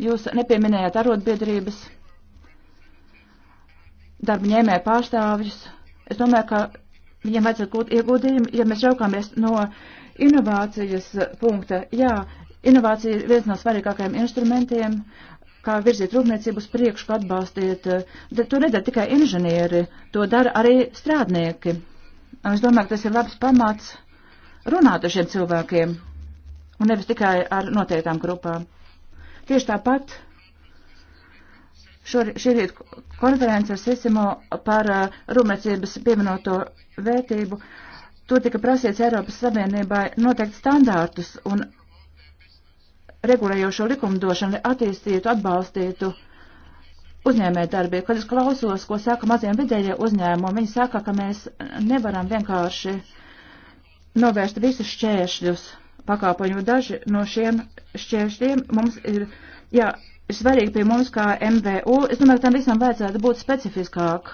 Jūs nepieminējāt arotbiedrības, darba ņēmē pārstāvjus. Es domāju, ka viņiem vajadzētu būt ieguldījumi, ja mēs raukāmies no inovācijas punkta. Jā, inovācija ir viens no svarīgākajiem instrumentiem, kā virzīt rūpniecību uz priekšu, kā atbalstīt. Eh, to nedara tikai inženieri, to dara arī strādnieki. Un es domāju, ka tas ir labs pamats runāt ar šiem cilvēkiem, un nevis tikai ar noteiktām grupām. Tieši tāpat šī rīt konference ar Sisimo par eh, rūpniecības pieminoto vērtību. Tur tika prasīts Eiropas Savienībai noteikt standārtus un regulējošo likumdošanu, lai attīstītu, atbalstītu uzņēmē darbību. Kad es klausos, ko saka maziem vidējie uzņēmumi, viņi saka, ka mēs nevaram vienkārši novērst visus šķēršļus pakāpojumu. Daži no šiem šķēršļiem mums ir, jā, ir svarīgi pie mums kā MVU. Es domāju, ka tam visam vajadzētu būt specifiskāk,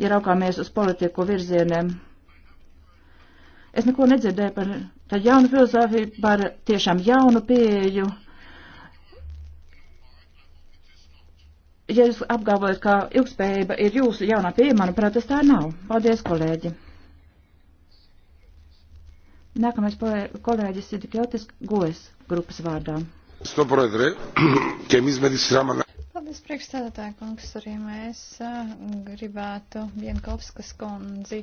ja raukāmies uz politiku virzieniem. Es neko nedzirdēju par Tā jauna filozofija par tiešām jaunu pieeju. Ja jūs apgalvojat, ka ilgspējība ir jūsu jaunā pieeja, manuprāt, tas tā nav. Paldies, kolēģi! Nākamais kolēģis ir Tikjotis Gojas grupas vārdā. Στο Πρόεδρε, και εμείς με τη σειρά μας Paldies, priekšstādātāja kungs, arī mēs gribētu Vienkovskas kundzi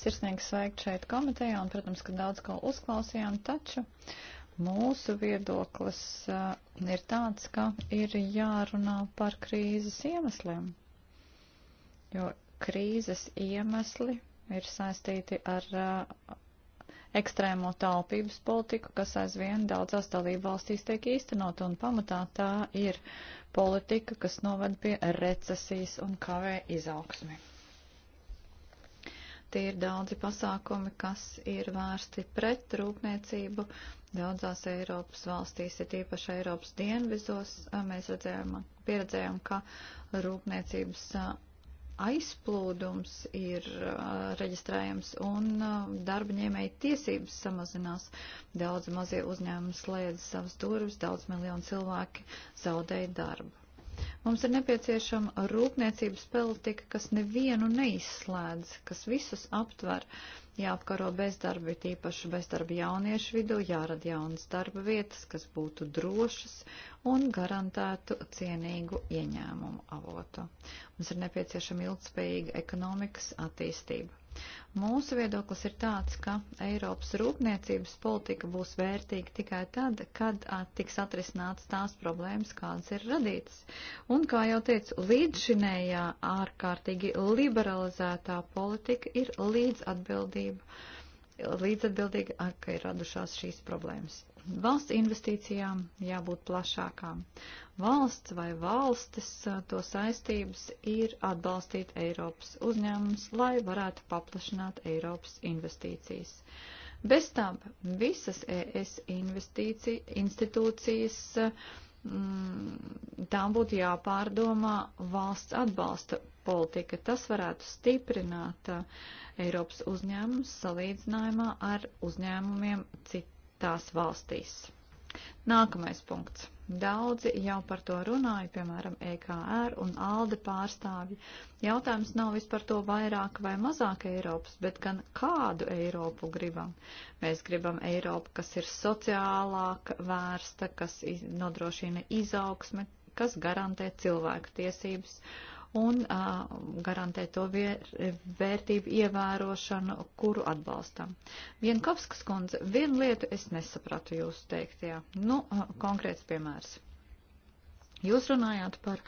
sirsnīgi sveikt šeit komitejā, un, protams, ka daudz ko uzklausījām, taču mūsu viedoklis ir tāds, ka ir jārunā par krīzes iemesliem, jo krīzes iemesli ir saistīti ar uh, ekstrēmo taupības politiku, kas aizvien daudzās dalību valstīs tiek īstenot, un pamatā tā ir politika, kas noved pie recesijas un kavē izaugsmi. Tie ir daudzi pasākumi, kas ir vērsti pret rūpniecību. Daudzās Eiropas valstīs, ir īpaši Eiropas dienvizos, mēs redzējām, pieredzējām, ka rūpniecības aizplūdums ir uh, reģistrējams un uh, darba ņēmēja tiesības samazinās. Daudz mazie uzņēmumi slēdz savas durvis, daudz miljonu cilvēki zaudēja darbu. Mums ir nepieciešama rūpniecības politika, kas nevienu neizslēdz, kas visus aptver. Uh, jāapkaro bezdarbi, tīpaši bezdarbi jauniešu vidū, jārada jaunas darba vietas, kas būtu drošas un garantētu cienīgu ieņēmumu avotu. Mums ir nepieciešama ilgspējīga ekonomikas attīstība. Mūsu viedoklis ir tāds, ka Eiropas rūpniecības politika būs vērtīga tikai tad, kad tiks atrisināts tās problēmas, kādas ir radītas. Un, kā jau teicu, līdzšinējā ārkārtīgi liberalizētā politika ir līdz atbildība, līdz atbildīga, ka ir radušās šīs problēmas. Valsts investīcijām jābūt plašākām. Valsts vai valstis to saistības ir atbalstīt Eiropas uzņēmums, lai varētu paplašināt Eiropas investīcijas. Bez tam visas e ES institūcijas mm, tām būtu jāpārdomā valsts atbalsta politika. Tas varētu stiprināt Eiropas uzņēmumus salīdzinājumā ar uzņēmumiem citā tās valstīs. Nākamais punkts. Daudzi jau par to runāja, piemēram, EKR un ALDE pārstāvji. Jautājums nav vispār to vairāk vai mazāk Eiropas, bet gan kādu Eiropu gribam. Mēs gribam Eiropu, kas ir sociālāk vērsta, kas nodrošina izaugsmi, kas garantē cilvēku tiesības. Uh, un uh, garantē to vier, vērtību ievērošanu, kuru atbalstam. Vienkovskas kundze, vienu lietu es nesapratu jūsu teiktajā. Nu, uh, konkrēts piemērs. Jūs runājāt par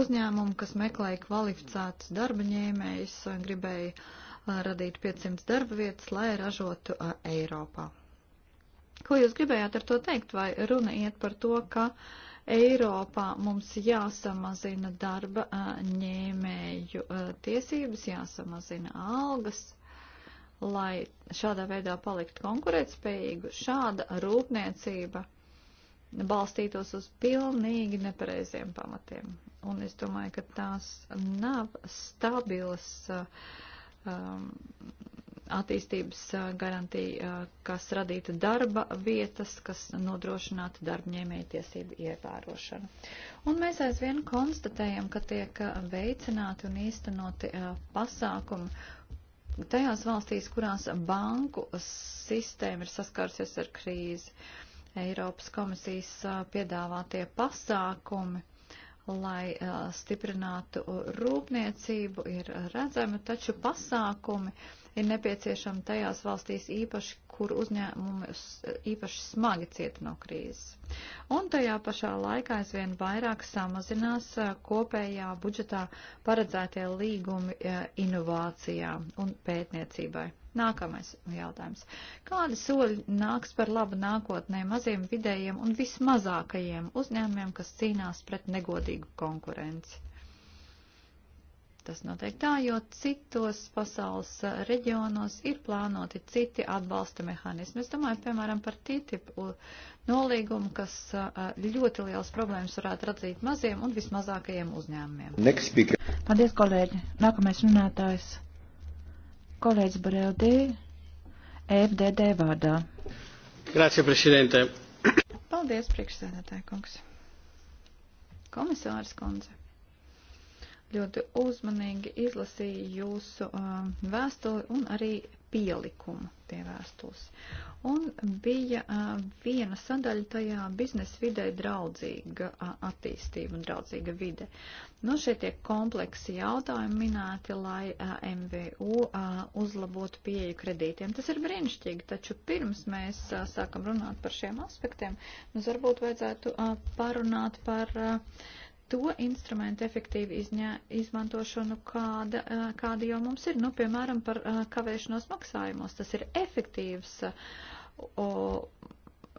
uzņēmumu, kas meklēja kvalificētus darba ņēmējus un gribēja radīt 500 darba vietas, lai ražotu Eiropā. Ko jūs gribējāt ar to teikt? Vai runa iet par to, ka Eiropā mums jāsamazina darba ņēmēju tiesības, jāsamazina algas, lai šādā veidā palikt konkurētspējīgu? Šāda rūpniecība balstītos uz pilnīgi nepareiziem pamatiem. Un es domāju, ka tās nav stabilas um, attīstības garantija, kas radītu darba vietas, kas nodrošinātu darbņēmēju tiesību ievērošanu. Un mēs aizvien konstatējam, ka tiek veicināti un īstenoti pasākumi tajās valstīs, kurās banku sistēma ir saskārusies ar krīzi. Eiropas komisijas piedāvātie pasākumi lai uh, stiprinātu rūpniecību, ir redzami, taču pasākumi ir nepieciešama tajās valstīs īpaši, kur uzņēmumi īpaši smagi cieta no krīzes. Un tajā pašā laikā aizvien vairāk samazinās kopējā budžetā paredzētie līgumi inovācijām un pētniecībai. Nākamais jautājums. Kādi soļi nāks par labu nākotnē maziem vidējiem un vismazākajiem uzņēmumiem, kas cīnās pret negodīgu konkurenci? Tas notiek tā, jo citos pasaules uh, reģionos ir plānoti citi atbalsta mehānismi. Es domāju, piemēram, par TTIP nolīgumu, kas uh, uh, ļoti liels problēmas varētu radzīt maziem un vismazākajiem uzņēmumiem. Paldies, kolēģi. Nākamais runātājs. Kolēģis Bareldi, e FDD vārdā. Grācija, prezidente. Paldies, priekšsēdētāji kungs. Komisārs kundze ļoti uzmanīgi izlasīju jūsu uh, vēstuli un arī pielikumu pie vēstules. Un bija uh, viena sadaļa tajā biznesa vidē draudzīga uh, attīstība un draudzīga vide. Nu, šeit tiek kompleksi jautājumi minēti, lai uh, MVU uh, uzlabotu pieeju kredītiem. Tas ir brīnišķīgi, taču pirms mēs uh, sākam runāt par šiem aspektiem, mums varbūt vajadzētu uh, parunāt par. Uh, to instrumentu efektīvu izņē, izmantošanu, kāda, eh, kāda jau mums ir. Nu, piemēram, par eh, kavēšanos maksājumos. Tas ir efektīvs o,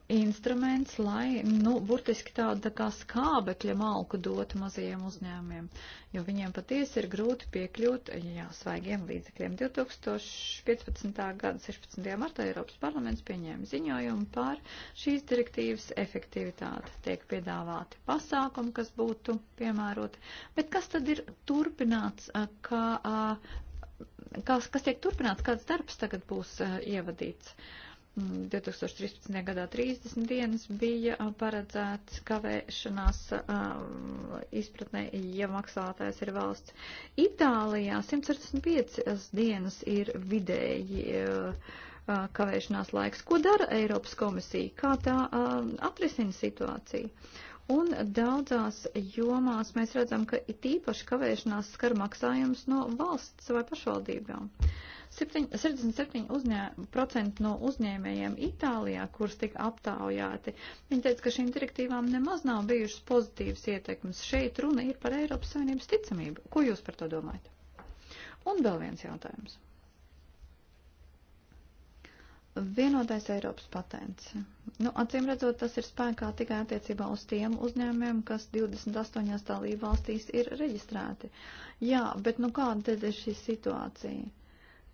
instruments, lai, nu, burtiski tāda kā skābekļa malku dotu mazajiem uzņēmiem, jo viņiem patiesi ir grūti piekļūt, jā, svaigiem līdzekļiem. 2015. gada 16. martā Eiropas parlaments pieņēma ziņojumu par šīs direktīvas efektivitāti. Tiek piedāvāti pasākumi, kas būtu piemēroti, bet kas tad ir turpināts, kā, kas, kas tiek turpināts, kāds darbs tagad būs ievadīts? Mm, 2013. gadā 30 dienas bija uh, paredzēts kavēšanās uh, izpratnē, ja maksātājs ir valsts. Itālijā 165 dienas ir vidēji uh, uh, kavēšanās laiks. Ko dara Eiropas komisija? Kā tā uh, atrisina situāciju? Un daudzās jomās mēs redzam, ka it īpaši kavēšanās skar maksājums no valsts vai pašvaldībām. 67% no uzņēmējiem Itālijā, kurus tika aptaujāti, viņi teica, ka šīm direktīvām nemaz nav bijušas pozitīvas ietekmes. Šeit runa ir par Eiropas Savienības ticamību. Ko jūs par to domājat? Un vēl viens jautājums. Vienotais Eiropas patents. Nu, acīm redzot, tas ir spēkā tikai attiecībā uz tiem uzņēmumiem, kas 28 dalību valstīs ir reģistrēti. Jā, bet nu kāda tad ir šī situācija?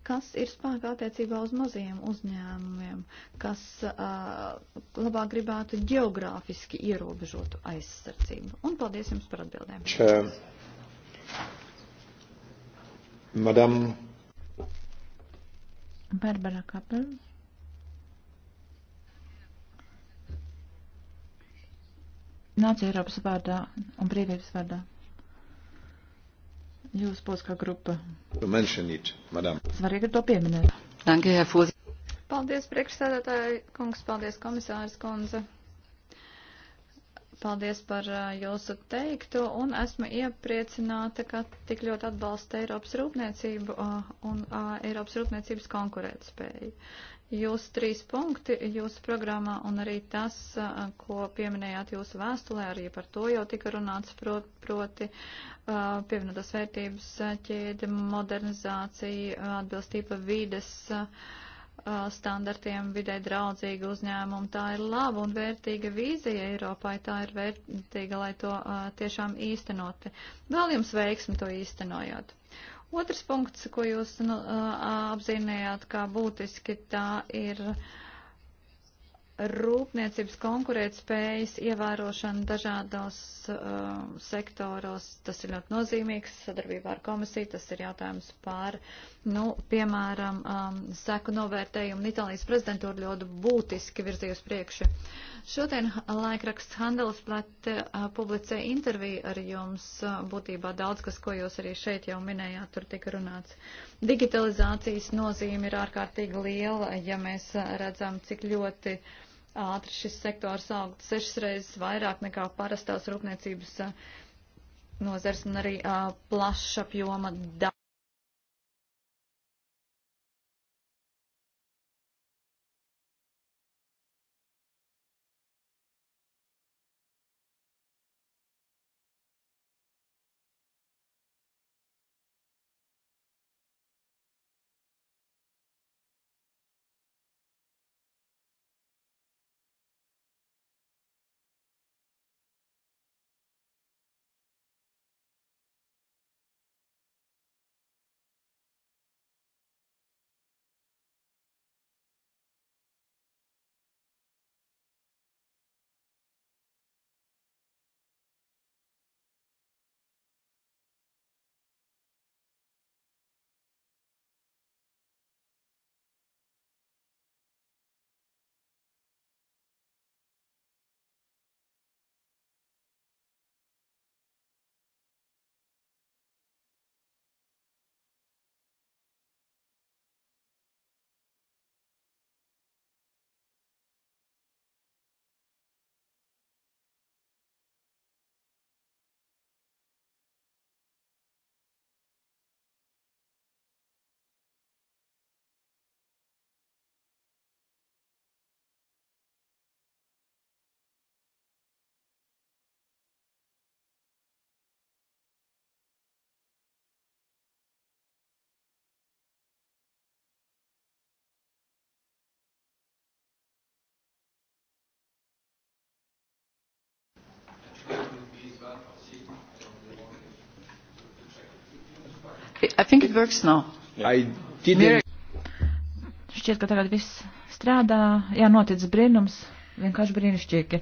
Kas ir spēkā attiecībā uz maziem uzņēmumiem, kas uh, labāk gribētu geogrāfiski ierobežotu aizsardzību? Un paldies jums par atbildēm. Čē. Madam. Barbara Kapel. nāca Eiropas vārdā un brīvības vārdā. Jūs polskā grupa. It, Svarīgi to pieminēt. Danke, Herr Paldies, priekšsēdētāji, kungs, paldies, komisārs, kundze. Paldies par jūsu teikto un esmu iepriecināta, ka tik ļoti atbalsta Eiropas rūpniecību un Eiropas rūpniecības konkurētspēju. Jūsu trīs punkti jūsu programmā un arī tas, ko pieminējāt jūsu vēstulē, arī par to jau tika runāts, prot, proti pievienotās vērtības ķēde, modernizācija, atbilstība vides. Uh, standartiem, vidē draudzīga uzņēmuma. Tā ir laba un vērtīga vīzija Eiropai, tā ir vērtīga, lai to uh, tiešām īstenot. Vēl jums veiksmi to īstenojot. Otrs punkts, ko jūs nu, apzinājāt, kā būtiski, tā ir rūpniecības konkurētspējas ievērošana dažādos uh, sektoros. Tas ir ļoti nozīmīgs sadarbībā ar komisiju, tas ir jautājums par uh, Nu, piemēram, um, seku novērtējumu Itālijas prezidentūra ļoti būtiski virzīja uz priekšu. Šodien laikraksts Handelsblate uh, publicē interviju ar jums, uh, būtībā daudz, kas, ko jūs arī šeit jau minējāt, tur tika runāts. Digitalizācijas nozīme ir ārkārtīgi liela, ja mēs uh, redzam, cik ļoti ātri šis sektors aug sešas reizes vairāk nekā parastās rūpniecības uh, nozars un arī uh, plašapjoma dati. I think it works now. I didn't. Šķiet, ka tagad viss strādā. Jā, noticis brīnums. Vienkārši brīnišķīgi.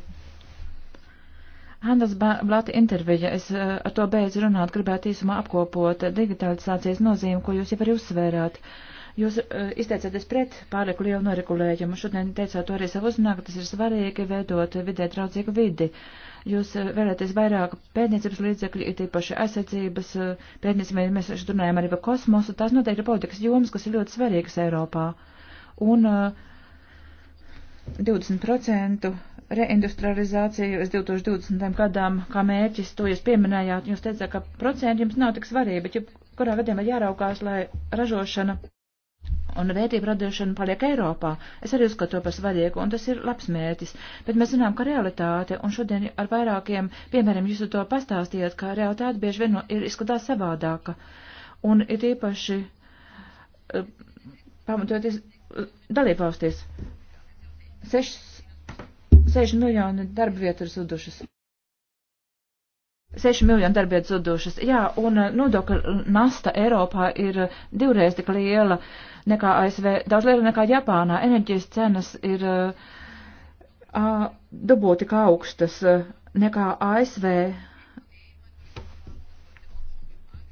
Handas Blāta intervija, es eh, ar to beidz runāt, gribētu īsumā apkopot digitalizācijas nozīmi, ko jūs jau arī uzsvērāt. Uh, Jūs uh, izteicāties pret pārlieku lielu noregulējumu. Šodien teicāt to arī savu uzrunā, ka tas ir svarīgi veidot vidē draudzīgu vidi. Jūs uh, vēlēties vairāk pētniecības līdzekļu, it īpaši aizsardzības uh, eh, pētniecībai. Mēs šeit runājam arī par kosmosu. Tās noteikti ir politikas jomas, kas ir ļoti svarīgas Eiropā. Un uh, 20% reindustrializāciju uz 2020. gadām, kā mērķis, to jūs pieminējāt, jūs teicāt, ka procenti jums nav tik svarīgi, bet jau kurā gadījumā jāraukās, lai ražošana un vērtību radīšana paliek Eiropā. Es arī uzskatu to par svarīgu, un tas ir labs mērķis. Bet mēs zinām, ka realitāte, un šodien ar vairākiem piemēriem jūs to pastāstījāt, ka realitāte bieži vien ir izskatās savādāka. Un ir īpaši eh, pamatoties eh, dalībvalstīs. 6, 6 miljoni darba vietu ir zudušas. 6 miljoni darbietu zudušas. Jā, un eh, nodokļu nasta Eiropā ir divreiz tik liela nekā ASV, daudz liela nekā Japānā. Enerģijas cenas ir uh, dubulti kā augstas uh, nekā ASV.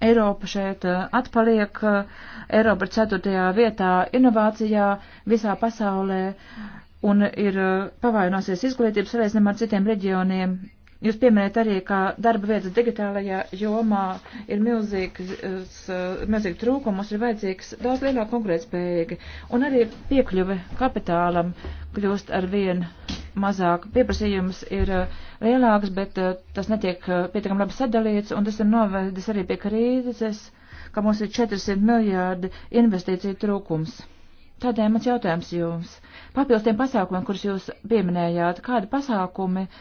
Eiropa šeit uh, atpaliek, uh, Eiropa ir 4. vietā inovācijā visā pasaulē un ir uh, pavainosies izglītības reizēm ar citiem reģioniem Jūs pieminējat arī, ka darba vietas digitālajā jomā ir milzīgs, eh, milzīgi trūkumi, mums ir vajadzīgs daudz lielāk konkurētspējīgi. Un arī piekļuve kapitālam kļūst ar vien mazāk. Pieprasījums ir eh, lielāks, bet eh, tas netiek pietiekami labi sadalīts, un tas ir novedis arī pie krīzes, ka mums ir 400 miljārdi investīciju trūkums. Tādēļ mans jautājums jums. Papildus tiem pasākumiem, kurus jūs pieminējāt, kādi pasākumi uh,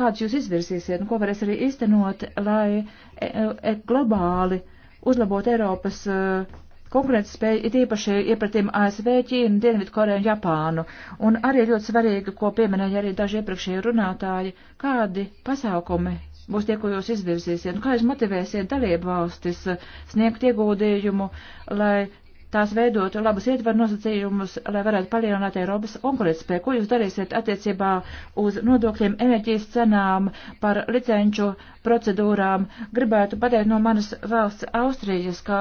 kādus jūs izvirsiesiet un ko varēs arī iztenot, lai e e globāli uzlabot Eiropas uh, e, konkurences spēju, it īpaši iepratiem ASV, Ķīnu, Dienvidu Koreju un Japānu. Un arī ļoti svarīgi, ko pieminēja arī daži iepriekšēji runātāji, kādi pasākumi būs tie, ko jūs izvirzīsiet, un kā jūs motivēsiet dalību valstis sniegt ieguldījumu, lai tās veidotu labus ietvaru nosacījumus, lai varētu palielināt Eiropas konkurētspēju. Ko jūs darīsiet attiecībā uz nodokļiem, enerģijas cenām, par licenču procedūrām? Gribētu pateikt no manas valsts Austrijas, ka,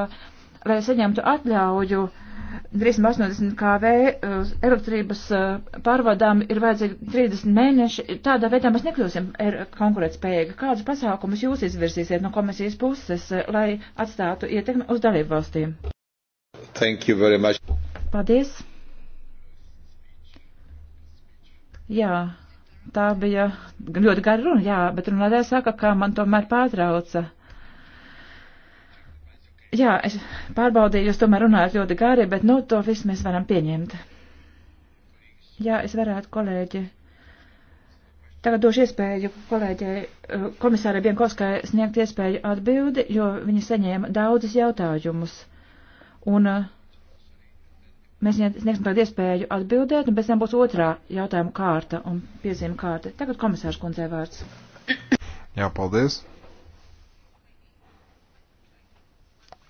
lai saņemtu atļauju, 380 kV eh, elektrības eh, pārvadām ir vajadzīgi 30 mēneši. Tādā veidā mēs nekļūsim er, konkurētspējīgi. Kādus pasākumus jūs izvirzīsiet no komisijas puses, eh, lai atstātu ietekmi uz dalību valstīm? Thank you very much. Paldies. Jā, tā bija ļoti gara runa, jā, bet runātāja saka, ka man tomēr pārtrauca. Jā, es pārbaudīju, jūs tomēr runājat ļoti gari, bet nu to visu mēs varam pieņemt. Jā, es varētu, kolēģi. Tagad došu iespēju kolēģei, eh, komisārai Bienkovskai sniegt iespēju atbildi, jo viņa saņēma daudzas jautājumus. Un eh, mēs sniegsim tādu iespēju atbildēt, un pēc tam būs otrā jautājuma kārta un piezīme kārta. Tagad komisārs kundzei vārds. Jā, paldies.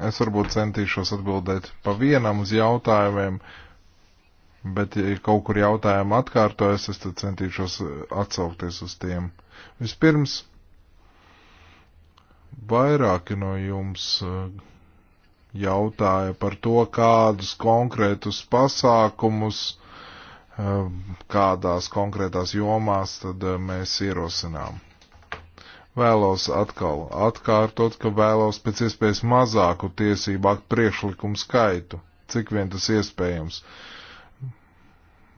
Es varbūt centīšos atbildēt pa vienam uz jautājumiem, bet ja kaut kur jautājumi atkārtojas, es tad centīšos eh, atsaukties uz tiem. Vispirms, vairāki no jums eh, jautāja par to, kādus konkrētus pasākumus, um, kādās konkrētās jomās tad uh, mēs ierosinām. Vēlos atkal atkārtot, ka vēlos pēc iespējas mazāku tiesību aktu priekšlikumu skaitu, cik vien tas iespējams.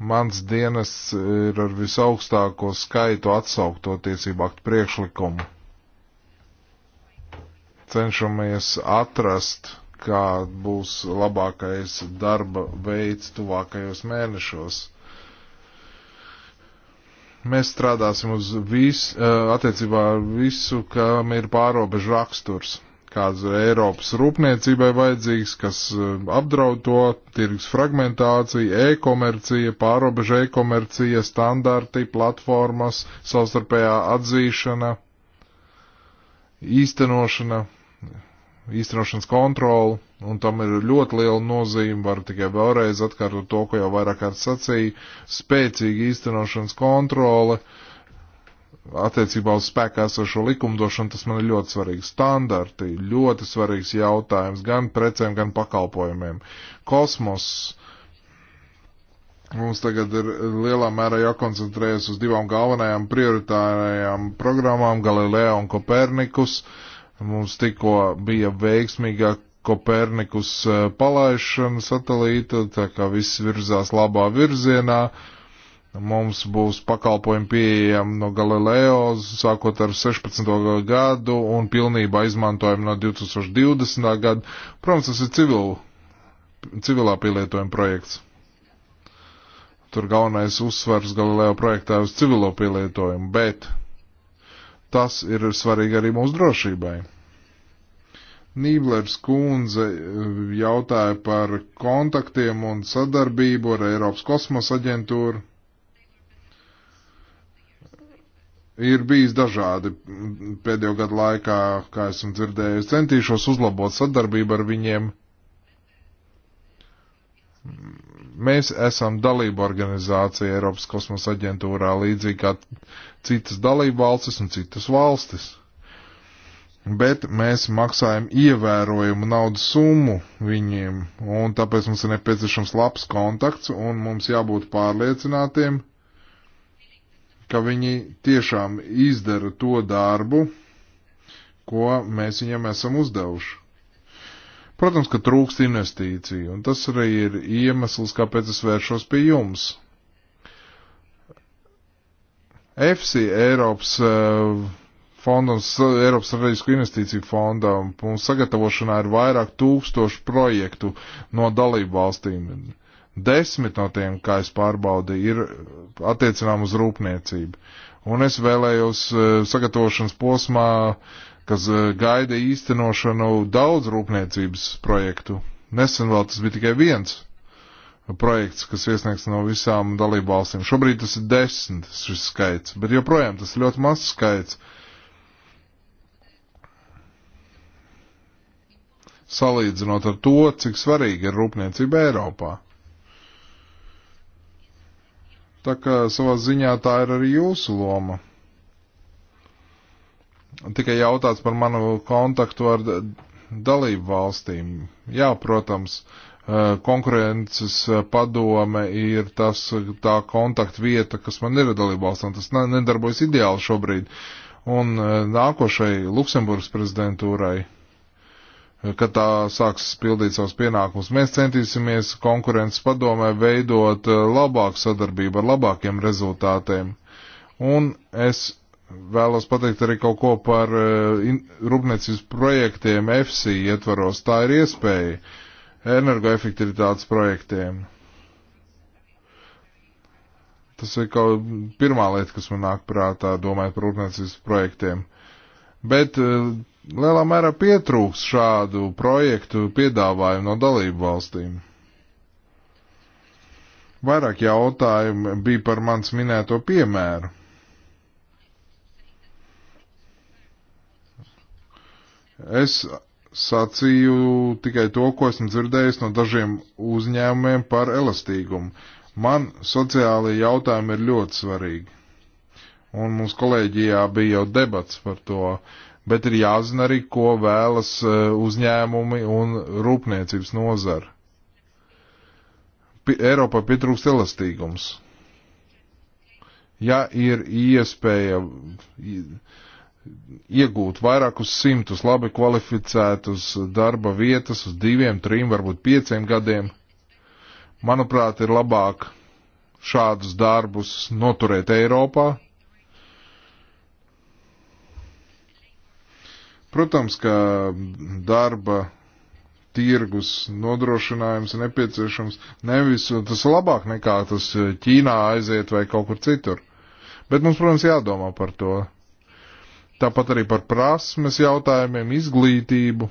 Mans dienas ir ar visaugstāko skaitu atsaukto tiesību aktu priekšlikumu. Cenšamies atrast kā būs labākais darba veids tuvākajos mēnešos. Mēs strādāsim uz visu, eh, attiecībā ar visu, kam ir pārobežu raksturs kāds Eiropas rūpniecībai vajadzīgs, kas eh, apdraud to, tirgus fragmentācija, e-komercija, pārobeža e-komercija, standarti, platformas, savstarpējā atzīšana, īstenošana īstenošanas kontroli, un tam ir ļoti liela nozīme, var tikai vēlreiz atkārtot to, ko jau vairāk kārt sacīja, spēcīga īstenošanas kontrole attiecībā uz spēkā esošo likumdošanu, tas man ir ļoti svarīgi. Standarti, ļoti svarīgs jautājums gan precēm, gan pakalpojumiem. Kosmos. Mums tagad ir lielā mērā jākoncentrējas uz divām galvenajām prioritārajām programmām - Galileo un Kopernikus. Uh, Mums tikko bija veiksmīgā Kopernikus eh, palaišana satelīta, tā kā viss virzās labā virzienā. Mums būs pakalpojumi pieejami no Galileo sākot ar 16. gadu un pilnībā izmantojami no 2020. gada. Protams, tas ir civil, civilā pielietojuma projekts. Tur galvenais uzsvars Galileo projektā uz civilo pielietojumu, bet Tas ir svarīgi arī mūsu drošībai. Nīblers kundze eh, jautāja par kontaktiem un sadarbību ar Eiropas kosmosa aģentūru. Ir bijis dažādi pēdējo gadu laikā, kā esmu dzirdējis, centīšos uzlabot sadarbību ar viņiem. Mēs esam dalība organizācija Eiropas kosmosa aģentūrā, līdzīgi kā citas dalību valstis un citas valstis. Bet mēs maksājam ievērojumu naudas summu viņiem, un tāpēc mums ir nepieciešams labs kontakts, un mums jābūt pārliecinātiem, ka viņi tiešām izdara to darbu, ko mēs viņam esam uzdevuši. Protams, ka trūkst investīciju, un tas arī ir iemesls, kāpēc es vēršos pie jums, EFSI Eiropas eh, fondam, Eiropas strateģisku investīciju fondam, un sagatavošanā ir vairāk tūkstošu projektu no dalību valstīm. Desmit no tiem, kā es pārbaudīju, ir attiecinām uz rūpniecību. Un es vēlējos eh, sagatavošanas posmā, kas eh, gaida īstenošanu daudz rūpniecības projektu. Nesen vēl tas bija tikai viens projekts, kas iesniegts no visām dalībvalstīm. Šobrīd tas ir desmit šis skaits, bet joprojām tas ir ļoti mazs skaits. Salīdzinot ar to, cik svarīgi ir rūpniecība Eiropā. Tā kā savā ziņā tā ir arī jūsu loma. Tikai jautāts par manu kontaktu ar dalību valstīm. Jā, protams, uh, Eh, konkurences eh, padome ir tas, tā kontaktvieta, kas man ir dalībvalstīm. Tas nedarbojas ideāli šobrīd. Un eh, nākošai Luksemburgas prezidentūrai, kad tā sāks pildīt savus pienākumus, mēs centīsimies konkurences padomē veidot labāku sadarbību ar labākiem rezultātiem. Un es vēlos pateikt arī kaut ko par rūpniecības projektiem FC ietvaros. Tā ir iespēja. Uh, energoefektivitātes projektiem. Tas ir kaut pirmā lieta, kas man nāk prātā, domājot par rūpniecības projektiem. Bet eh, lielā mērā pietrūks šādu projektu piedāvājumu no dalību valstīm. Vairāk jautājumu bija par mans minēto piemēru. Es sacīju tikai to, ko esmu dzirdējis no dažiem uzņēmumiem par elastīgumu. Man sociālai jautājumi ir ļoti svarīgi. Un mums kolēģijā bija jau debats par to, bet ir jāzina arī, ko vēlas e, uzņēmumi un rūpniecības nozara. P Eiropā pietrūkst elastīgums. Ja ir iespēja iegūt vairākus simtus labi kvalificētus darba vietas uz diviem, trim, varbūt pieciem gadiem. Manuprāt, ir labāk šādus darbus noturēt Eiropā. Protams, ka darba tirgus nodrošinājums ir nepieciešams nevis, tas ir labāk nekā tas Ķīnā aiziet vai kaut kur citur. Bet mums, protams, jādomā par to tāpat arī par prasmes jautājumiem, izglītību.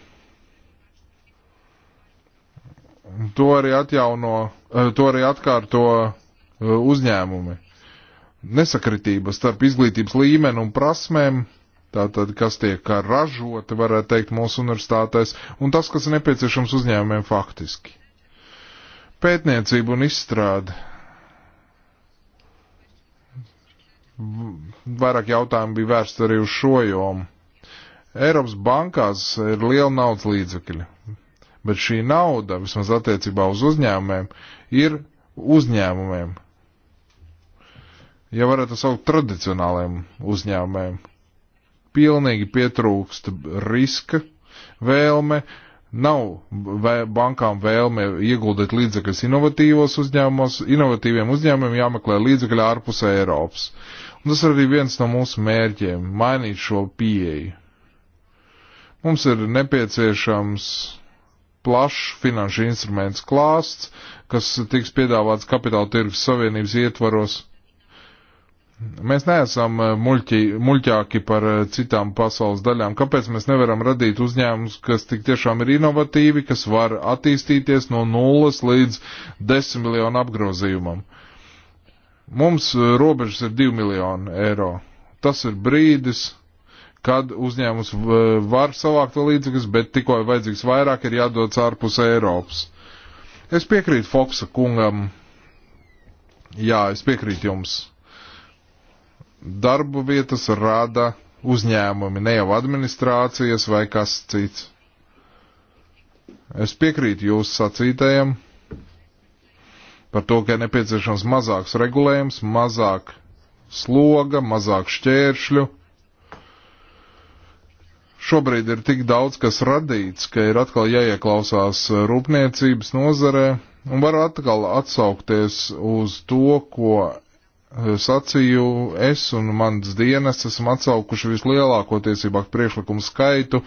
To arī atjauno, eh, to arī atkārto eh, uzņēmumi. Nesakritība starp izglītības līmeni un prasmēm, tātad kas tiek ražota, varētu teikt, mūsu universitātēs, un tas, kas nepieciešams uzņēmumiem faktiski. Pētniecība un izstrāde Vairāk jautājumu bija vērsts arī uz šo jomu. Eiropas bankās ir liela naudas līdzekļa, bet šī nauda, vismaz attiecībā uz uzņēmumiem, ir uzņēmumiem. Ja varētu saukt tradicionāliem uzņēmumiem, pilnīgi pietrūkst riska, vēlme, nav vē, bankām vēlme ieguldīt līdzekļus inovatīvos uzņēmumos, inovatīviem uzņēmumiem jāmeklē līdzekļi ārpus Eiropas. Uh, Un tas ir arī viens no mūsu mērķiem - mainīt šo pieeju. Mums ir nepieciešams plašs finanšu instruments klāsts, kas tiks piedāvāts kapitāla tirgus savienības ietvaros. Mēs neesam eh, muļķi, muļķāki par eh, citām pasaules daļām. Kāpēc mēs nevaram radīt uzņēmumus, kas tik tiešām ir inovatīvi, kas var attīstīties no nulles līdz desmit miljonu apgrozījumam? Uh, Mums e, robežas ir 2 miljoni eiro. Tas ir brīdis, kad uzņēmums e, var savākt līdzekļus, bet tikko ir vajadzīgs vairāk, ir jādodas ārpus Eiropas. Es piekrītu Foksa kungam. Jā, es piekrītu jums. Darba vietas rada uzņēmumi, ne jau administrācijas vai kas cits. Es piekrītu jūsu sacītajam par to, ka ir nepieciešams mazāks regulējums, mazāk sloga, mazāk šķēršļu. Šobrīd ir tik daudz, kas radīts, ka ir atkal jāieklausās rūpniecības nozarē, un var atkal atsaukties uz to, ko eh, sacīju es un mans dienas, esam atsaukuši vislielāko tiesību aktu priekšlikumu skaitu,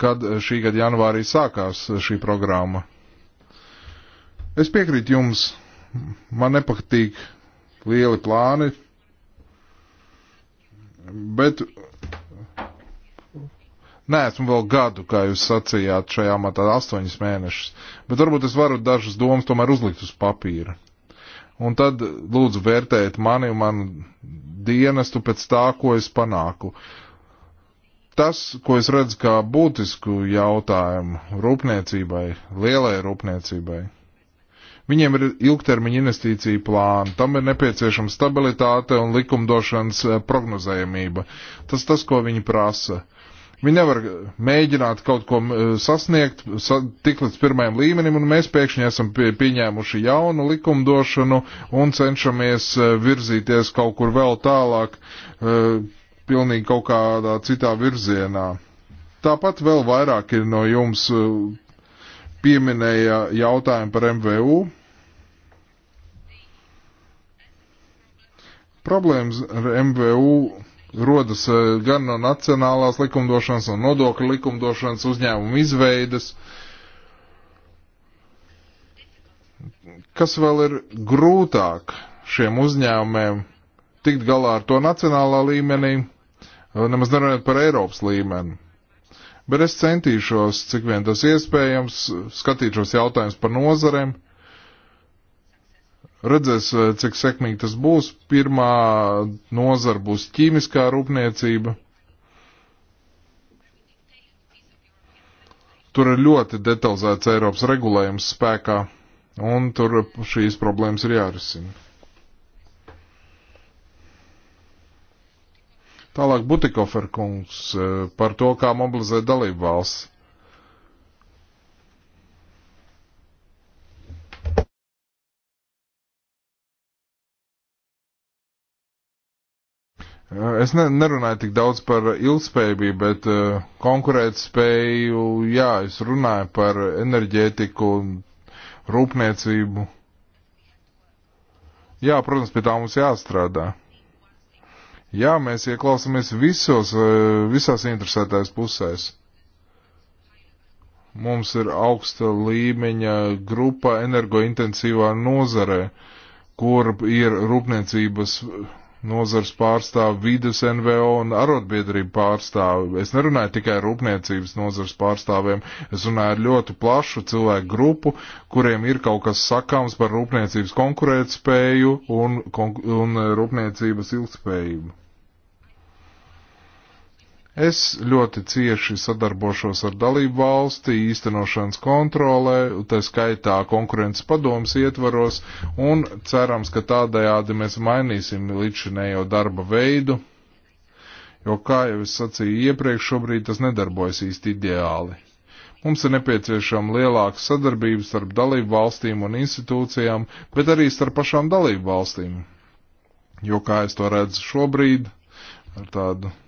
kad šī gada janvārī sākās šī programma. Es piekrītu jums, Man nepatīk lieli plāni, bet nē, esmu vēl gadu, kā jūs sacījāt, šajā matā astoņus mēnešus. Bet varbūt es varu dažas domas tomēr uzlikt uz papīra. Un tad lūdzu vērtējiet mani un manu dienestu pēc tā, ko es panāku. Tas, ko es redzu kā būtisku jautājumu rūpniecībai, lielai rūpniecībai Viņiem ir ilgtermiņa investīcija plāni, tam ir nepieciešama stabilitāte un likumdošanas eh, prognozējamība. Tas tas, ko viņi prasa. Viņi nevar mēģināt kaut ko eh, sasniegt, tik līdz pirmajam līmenim, un mēs pēkšņi esam pie, pieņēmuši jaunu likumdošanu un cenšamies eh, virzīties kaut kur vēl tālāk, pilnīgi kaut kādā citā virzienā. Tāpat vēl vairāk ir no jums pieminēja jautājumu par MVU. Problēmas ar MVU rodas eh, gan no nacionālās likumdošanas, no nodokļu likumdošanas, uzņēmumu izveidas. Kas vēl ir grūtāk šiem uzņēmumiem tikt galā ar to nacionālā līmenī, nemaz nerunājot par Eiropas līmeni. Bet es centīšos, cik vien tas iespējams, skatīšos jautājumus par nozarēm Redzēs, eh, cik sekmīgi tas būs. Pirmā nozara būs ķīmiskā rūpniecība. Tur ir ļoti detalizēts Eiropas regulējums spēkā, un tur šīs problēmas ir jārisina. Tālāk Butikofer kungs eh, par to, kā mobilizēt dalību valsts. Eh, es ne, nerunāju tik daudz par ilgspējību, bet uh, konkurētspēju, jā, es runāju par enerģētiku, rūpniecību. Jā, protams, pie tā mums jāstrādā. Jā, mēs ieklausāmies visos, eh, visās interesētās pusēs. Mums ir augsta līmeņa grupa energointensīvā nozarē, kur ir rūpniecības nozars pārstāv, vides NVO un arotbiedrību pārstāv. Es nerunāju tikai ar rūpniecības nozars pārstāvjiem, es runāju ar ļoti plašu cilvēku grupu, kuriem ir kaut kas sakāms par rūpniecības konkurētspēju un, un eh, rūpniecības ilgspējību. Es ļoti cieši sadarbošos ar dalību valsti, īstenošanas kontrolē, tā skaitā konkurences padomas ietvaros, un cerams, ka tādējādi mēs mainīsim līdzinējo darba veidu, jo, kā jau es sacīju iepriekš, šobrīd tas nedarbojas īsti ideāli. Mums ir nepieciešama lielāka sadarbība starp dalību valstīm un institūcijām, bet arī starp pašām dalību valstīm. Jo, kā es to redzu šobrīd, ar tādu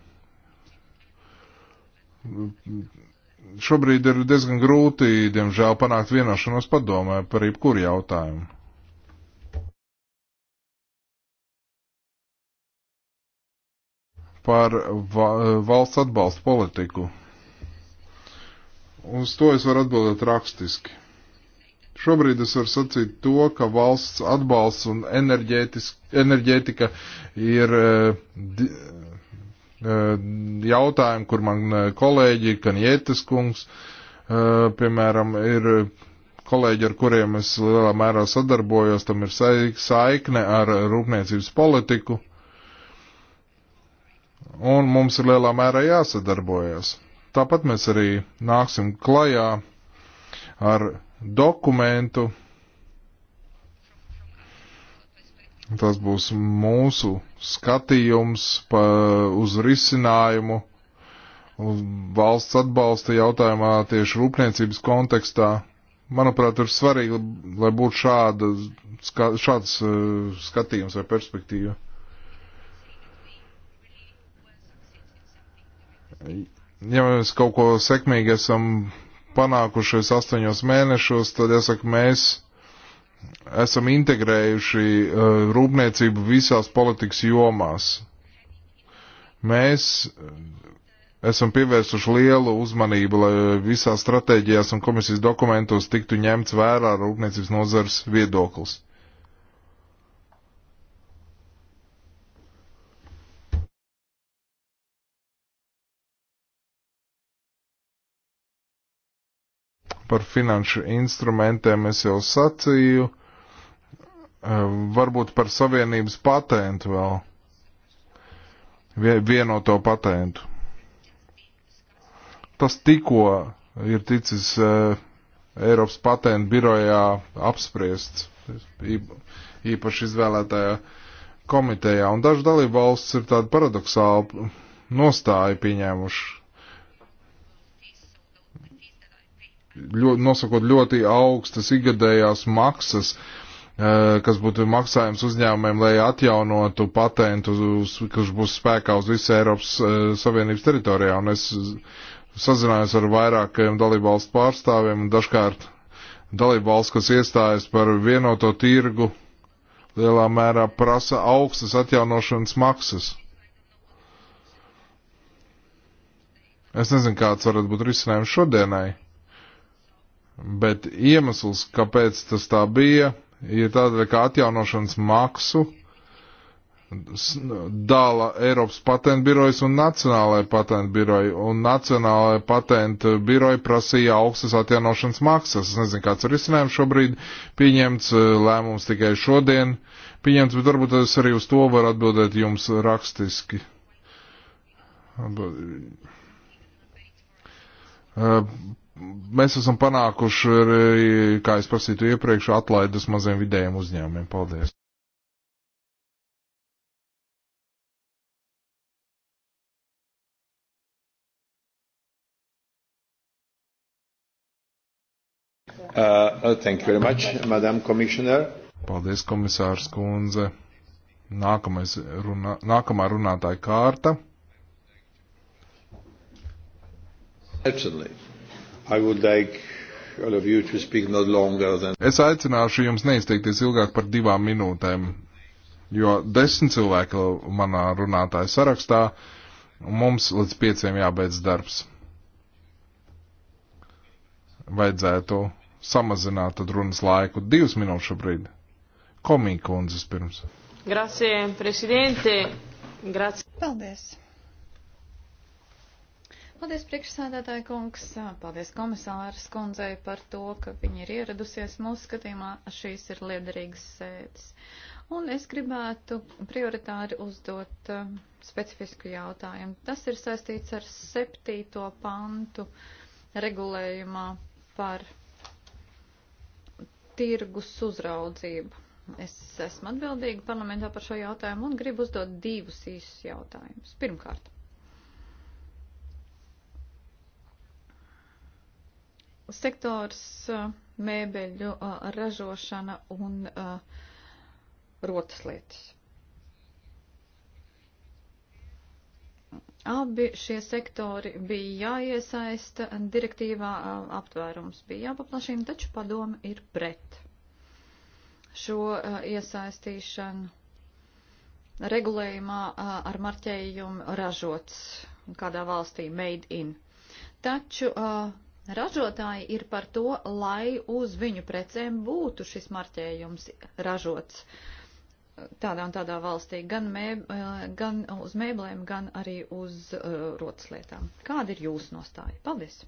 Šobrīd ir diezgan grūti, diemžēl, panākt vienošanos padomē par jebkuru jautājumu. Par va valsts atbalstu politiku. Uz to es varu atbildēt rakstiski. Šobrīd es varu sacīt to, ka valsts atbalsts un enerģētika ir uh, Eh, jautājumu, kur man eh, kolēģi, Kanietes kungs, eh, piemēram, ir kolēģi, ar kuriem es lielā mērā sadarbojos, tam ir saikne ar rūpniecības politiku. Un mums ir lielā mērā jāsadarbojas. Tāpat mēs arī nāksim klajā ar dokumentu. Tas būs mūsu skatījums pa, uz risinājumu valsts atbalsta jautājumā tieši rūpniecības kontekstā. Manuprāt, ir svarīgi, lai būtu šāda, ska, šāds e, skatījums vai perspektīva. Ja mēs kaut ko sekmīgi esam panākušies astoņos mēnešos, tad jāsaka, mēs esam integrējuši eh, rūpniecību visās politikas jomās. Mēs eh, esam pievērsuši lielu uzmanību, lai visās stratēģijās un komisijas dokumentos tiktu ņemts vērā rūpniecības nozars viedoklis. Par finanšu instrumentiem es jau sacīju, eh, varbūt par savienības patentu vēl, vienoto patentu. Tas tikko ir ticis eh, Eiropas patentu birojā apspriests īpaši izvēlētajā komitejā, un daži dalību valsts ir tādu paradoxālu nostāju pieņēmuši, ļoti, nosakot ļoti augstas igadējās maksas, eh, kas būtu maksājums uzņēmumiem, lai atjaunotu patentu, kas būs spēkā uz visu Eiropas eh, Savienības teritorijā. Un es sazinājos ar vairākiem dalībvalstu pārstāvjiem, un dažkārt dalībvalsts, kas iestājas par vienoto tirgu, lielā mērā prasa augstas atjaunošanas maksas. Es nezinu, kāds varētu būt risinājums šodienai bet iemesls, kāpēc tas tā bija, ir tādēļ, ka atjaunošanas maksu dala Eiropas patentu birojas un Nacionālajai patentu biroji, un Nacionālajai patentu biroji prasīja augstas atjaunošanas maksas. Es nezinu, kāds ir risinājums šobrīd, pieņemts lēmums tikai šodien, pieņemts, bet varbūt es arī uz to varu atbildēt jums rakstiski. Atbild mēs esam panākuši, arī, kā es prasītu iepriekš, atlaides maziem vidējiem uzņēmumiem. Paldies! Uh, oh, thank you very much, Madam Commissioner. Paldies, komisārs Kunze. Nākamais runā, nākamā runātāja kārta. Certainly. Like than... Es aicināšu jums neizteikties ilgāk par divām minūtēm, jo desmit cilvēki manā runātāja sarakstā, un mums līdz pieciem jābeidz darbs. Vajadzētu samazināt tad runas laiku divas minūtes šobrīd. Komīkundzes pirms. Grazie, prezidente. Grazie. Paldies. Paldies, priekšsēdētāji kungs, paldies komisāras kundzei par to, ka viņa ir ieradusies mūsu skatījumā. Šīs ir liederīgas sēdes. Un es gribētu prioritāri uzdot uh, specifisku jautājumu. Tas ir saistīts ar septīto pantu regulējumā par tirgus uzraudzību. Es esmu atbildīga parlamentā par šo jautājumu un gribu uzdot divus īsus jautājumus. Pirmkārt. sektors mēbeļu ražošana un rotas lietas. Abi šie sektori bija jāiesaista direktīvā, aptvērums bija jāpaplašina, taču padoma ir pret šo iesaistīšanu regulējumā ar marķējumu ražots kādā valstī made in. Taču uh, Ražotāji ir par to, lai uz viņu precēm būtu šis marķējums ražots tādā un tādā valstī, gan, mēb, eh, gan uz mēblēm, gan arī uz uh, eh, rotaslietām. Kāda ir jūsu nostāja? Paldies!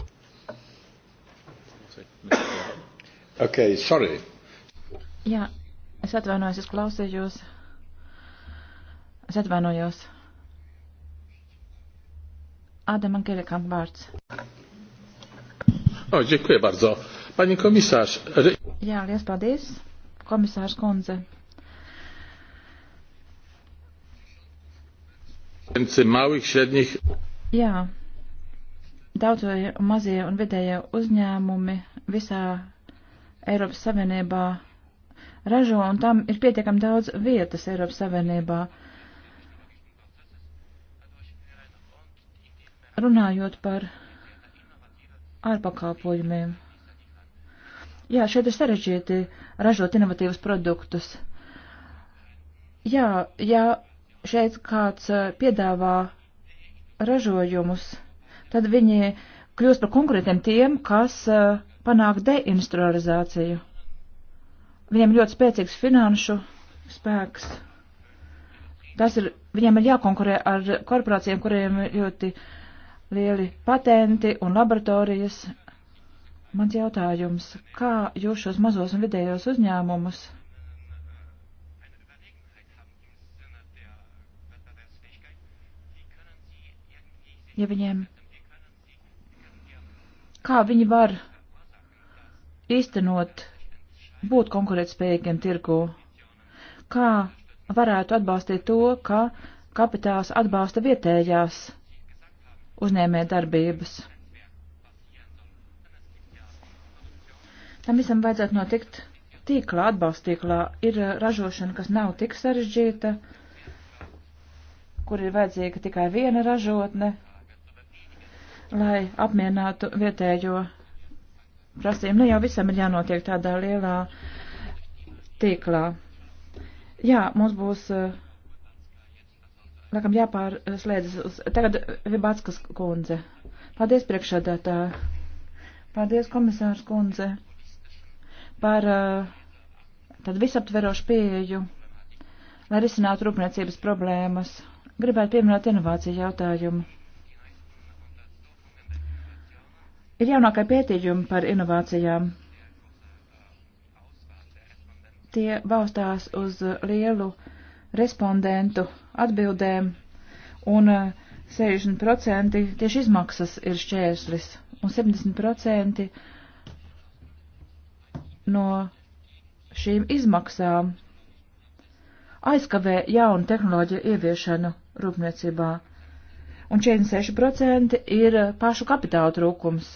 Okay, sorry. Jā, es atvainojos, es klausījos. Es atvainojos. Ādam Angelikam vārds. O, dziękuję bardzo. Pani komisārs. Re... Jā, liels paldies, komisārs kundze. Małych, średnich. Jā, daudzie mazie un vidējie uzņēmumi visā Eiropas Savienībā ražo, un tam ir pietiekami daudz vietas Eiropas Savienībā. Runājot par ar pakalpojumiem. Jā, šeit ir sarežģīti ražot inovatīvus produktus. Jā, ja šeit kāds eh, piedāvā ražojumus, tad viņi kļūst par konkrētiem tiem, kas eh, panāk deindustrializāciju. Viņiem ļoti spēcīgs finanšu spēks. Tas ir, viņiem ir jākonkurē ar korporācijām, kuriem ir ļoti uh, lieli patenti un laboratorijas. Mans jautājums, kā jūs šos mazos un vidējos uzņēmumus ja viņiem, kā viņi var īstenot, būt konkurētspējīgiem tirgu, kā varētu atbalstīt to, ka kapitāls atbalsta vietējās uzņēmē darbības. Tam visam vajadzētu notikt tīklā, atbalstīklā. Ir ražošana, kas nav tik sarežģīta, kur ir vajadzīga tikai viena ražotne, lai apmierinātu vietējo prasījumu. Ne nu, jau visam ir jānotiek tādā lielā tīklā. Jā, mums būs uh, Lakam jāpārslēdzas uz. Tagad Vibatskas kundze. Paldies priekšādātā. Paldies komisārs kundze par uh, tad visaptverošu pieeju, lai risinātu rūpniecības problēmas. Gribētu pieminēt inovāciju jautājumu. Ir jaunākai pētījumi par inovācijām. Tie balstās uz lielu uh, respondentu atbildēm, un 60% eh, tieši izmaksas ir šķērslis, un 70% no šīm izmaksām aizkavē jaunu tehnoloģiju ieviešanu rūpniecībā, un 46% ir eh, pašu kapitāla trūkums.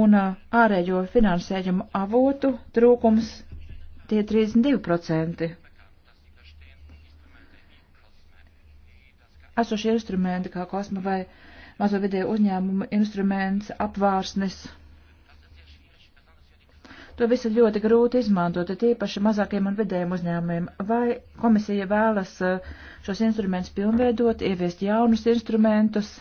Un eh, ārējo finansējumu avotu trūkums tie 32%. Esošie instrumenti, kā kosma vai mazo vidēju uzņēmumu instruments, apvārsnes. To visu ļoti grūti izmantot, tīpaši mazākiem un vidējiem uzņēmumiem. Vai komisija vēlas eh, šos instrumentus pilnveidot, ieviest jaunus instrumentus?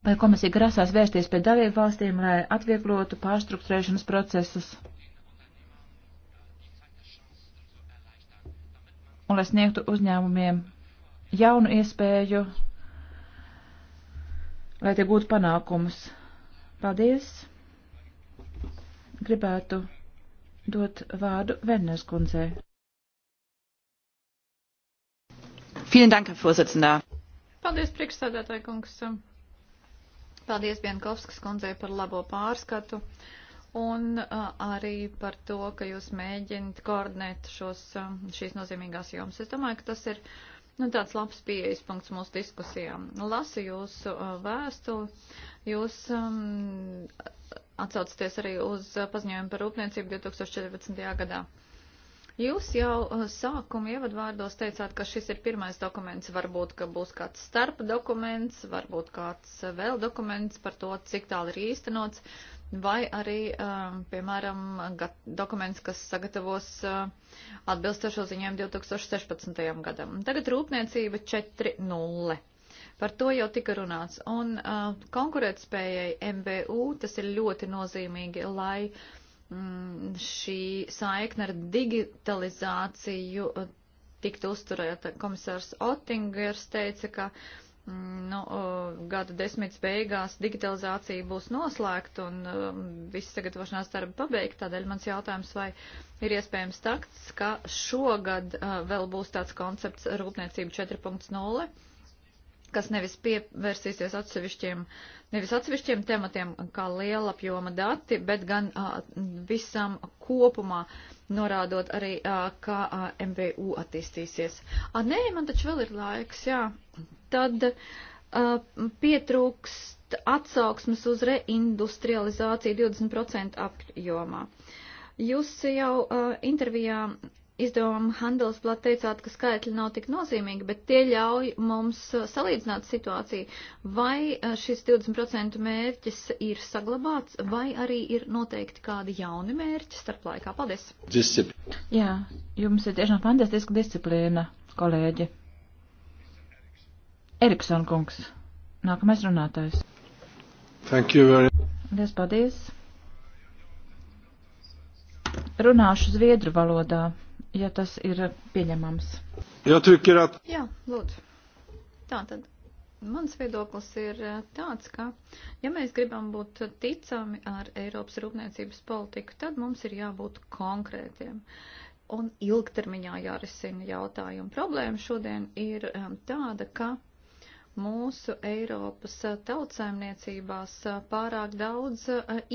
Vai komisija grasās vērsties pie dalību valstīm, lai atvieglotu pārstruktūrēšanas procesus? Un lai sniegtu uzņēmumiem jaunu iespēju, lai tie gūtu panākumus. Paldies! Gribētu dot vārdu Vernes kundzei. Vielen Dank, Herr Vorsitzender. Paldies, priekšsēdētāji kungs. Paldies Bienkovskas kundzei par labo pārskatu un arī par to, ka jūs mēģināt koordinēt šos, šīs nozīmīgās jomas. Es domāju, ka tas ir nu, tāds labs pieejas punkts mūsu diskusijām. Lasu jūsu vēstuli, jūs um, atsaucaties arī uz paziņojumu par rūpniecību 2014. gadā. Jūs jau uh, sākuma ievadvārdos teicāt, ka šis ir pirmais dokuments, varbūt, ka būs kāds starp dokuments, varbūt kāds uh, vēl dokuments par to, cik tālu ir īstenots, vai arī, um, piemēram, dokuments, kas sagatavos uh, atbilstošo ziņojumu 2016. gadam. Tagad rūpniecība 4.0. Par to jau tika runāts. Un uh, konkurētspējai MBU tas ir ļoti nozīmīgi, lai uh, Mm, šī saikna ar digitalizāciju uh, tiktu uzturēta. Komisārs Otingers teica, ka mm, nu, uh, gada desmitas beigās digitalizācija būs noslēgta un um, viss sagatavošanās darba pabeigta. Tādēļ mans jautājums, vai ir iespējams takts, ka šogad uh, vēl būs tāds koncepts rūpniecība 4.0? kas nevis pievērsīsies atsevišķiem, nevis atsevišķiem tematiem, kā lielapjoma dati, bet gan a, visam kopumā, norādot arī, a, kā a, MVU attīstīsies. A, nē, man taču vēl ir laiks, jā. Tad a, pietrūkst atsauksmes uz reindustrializāciju 20% apjomā. Jūs jau uh, intervijā izdevuma Handelsblatt teicāt, ka skaitļi nav tik nozīmīgi, bet tie ļauj mums uh, salīdzināt situāciju, vai uh, šis 20% mērķis ir saglabāts, vai arī ir noteikti kādi jauni mērķi starp laikā. Paldies! Disciplīna. Jā, jums ir tiešām fantastiska disciplīna, kolēģi. Erikson kungs, nākamais runātājs. Thank you very much. Lies paldies. Runāšu zviedru valodā ja tas ir pieņemams. Jā, at... Jā lūdzu. Tā tad. Mans viedoklis ir eh, tāds, ka, ja mēs gribam būt ticami ar Eiropas rūpniecības politiku, tad mums ir jābūt konkrētiem un ilgtermiņā jārisina jautājumi. Problēma šodien ir eh, tāda, ka mūsu Eiropas tautsēmniecībās eh, pārāk daudz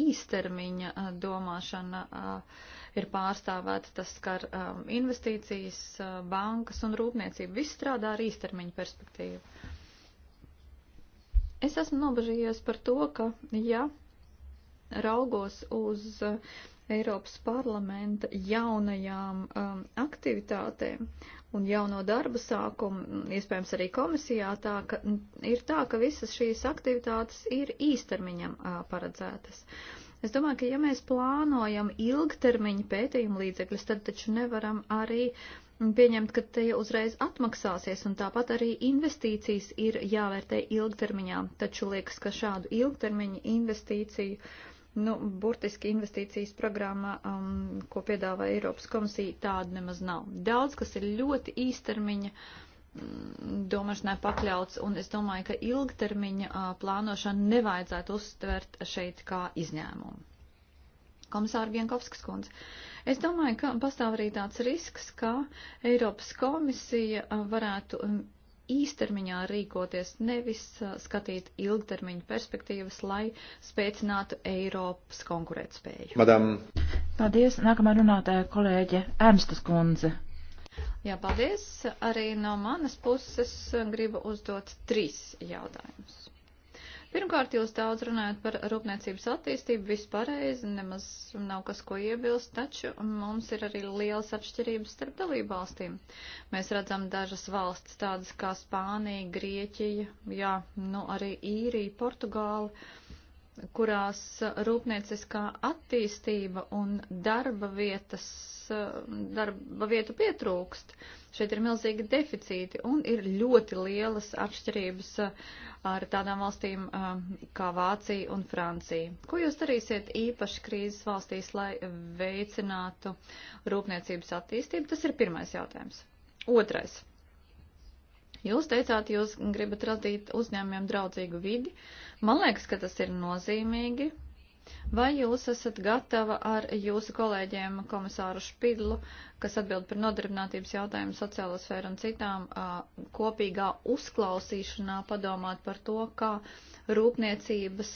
īstermiņa domāšana. Uh, ir pārstāvēta, tas skar um, investīcijas, uh, bankas un rūpniecību. Viss strādā ar īstermiņu perspektīvu. Es esmu nobežījies par to, ka, ja raugos uz uh, Eiropas parlamenta jaunajām um, aktivitātēm un jauno darba sākumu, iespējams arī komisijā, tā, ka, ir tā, ka visas šīs aktivitātes ir īstermiņam uh, paredzētas. Uh, Es domāju, ka ja mēs plānojam ilgtermiņa pētījumu līdzekļus, tad taču nevaram arī pieņemt, ka tie uzreiz atmaksāsies, un tāpat arī investīcijas ir jāvērtē ilgtermiņā. Taču liekas, ka šādu ilgtermiņa investīciju, nu, burtiski investīcijas programma, um, ko piedāvā Eiropas komisija, tāda nemaz nav. Daudz, kas ir ļoti īstermiņa. Uh, domāšanai pakļauts, un es domāju, ka ilgtermiņa plānošanu nevajadzētu uztvert šeit kā izņēmumu. Komisāra Vienkovskas kundze, es domāju, ka pastāv arī tāds risks, ka Eiropas komisija varētu īstermiņā rīkoties, nevis skatīt ilgtermiņa perspektīvas, lai spēcinātu Eiropas konkurētspēju. Madam. Paldies. Nākamā runātāja kolēģe Ernstas kundze. Jā, paldies. Arī no manas puses gribu uzdot trīs jautājumus. Pirmkārt, jūs daudz runājat par rūpniecības attīstību, vispareizi, nemaz nav kas ko iebilst, taču mums ir arī lielas atšķirības starp dalību valstīm. Mēs redzam dažas valstis tādas kā Spānija, Grieķija, jā, nu arī Īrija, Portugāla kurās uh, rūpnieciskā attīstība un darba vietas, uh, darba vietu pietrūkst. Šeit ir milzīgi deficīti un ir ļoti lielas atšķirības uh, ar tādām valstīm kā Vācija un Francija. Ko jūs darīsiet īpaši krīzes valstīs, lai veicinātu rūpniecības attīstību? Tas ir pirmais jautājums. Otrais. Jūs teicāt, jūs gribat radīt uzņēmumiem draudzīgu vidi. Uh, Man liekas, ka tas ir nozīmīgi. Vai jūs esat gatava ar jūsu kolēģiem komisāru Špidlu, kas atbild par nodarbinātības jautājumu sociālo sfēru un citām, kopīgā uzklausīšanā padomāt par to, kā rūpniecības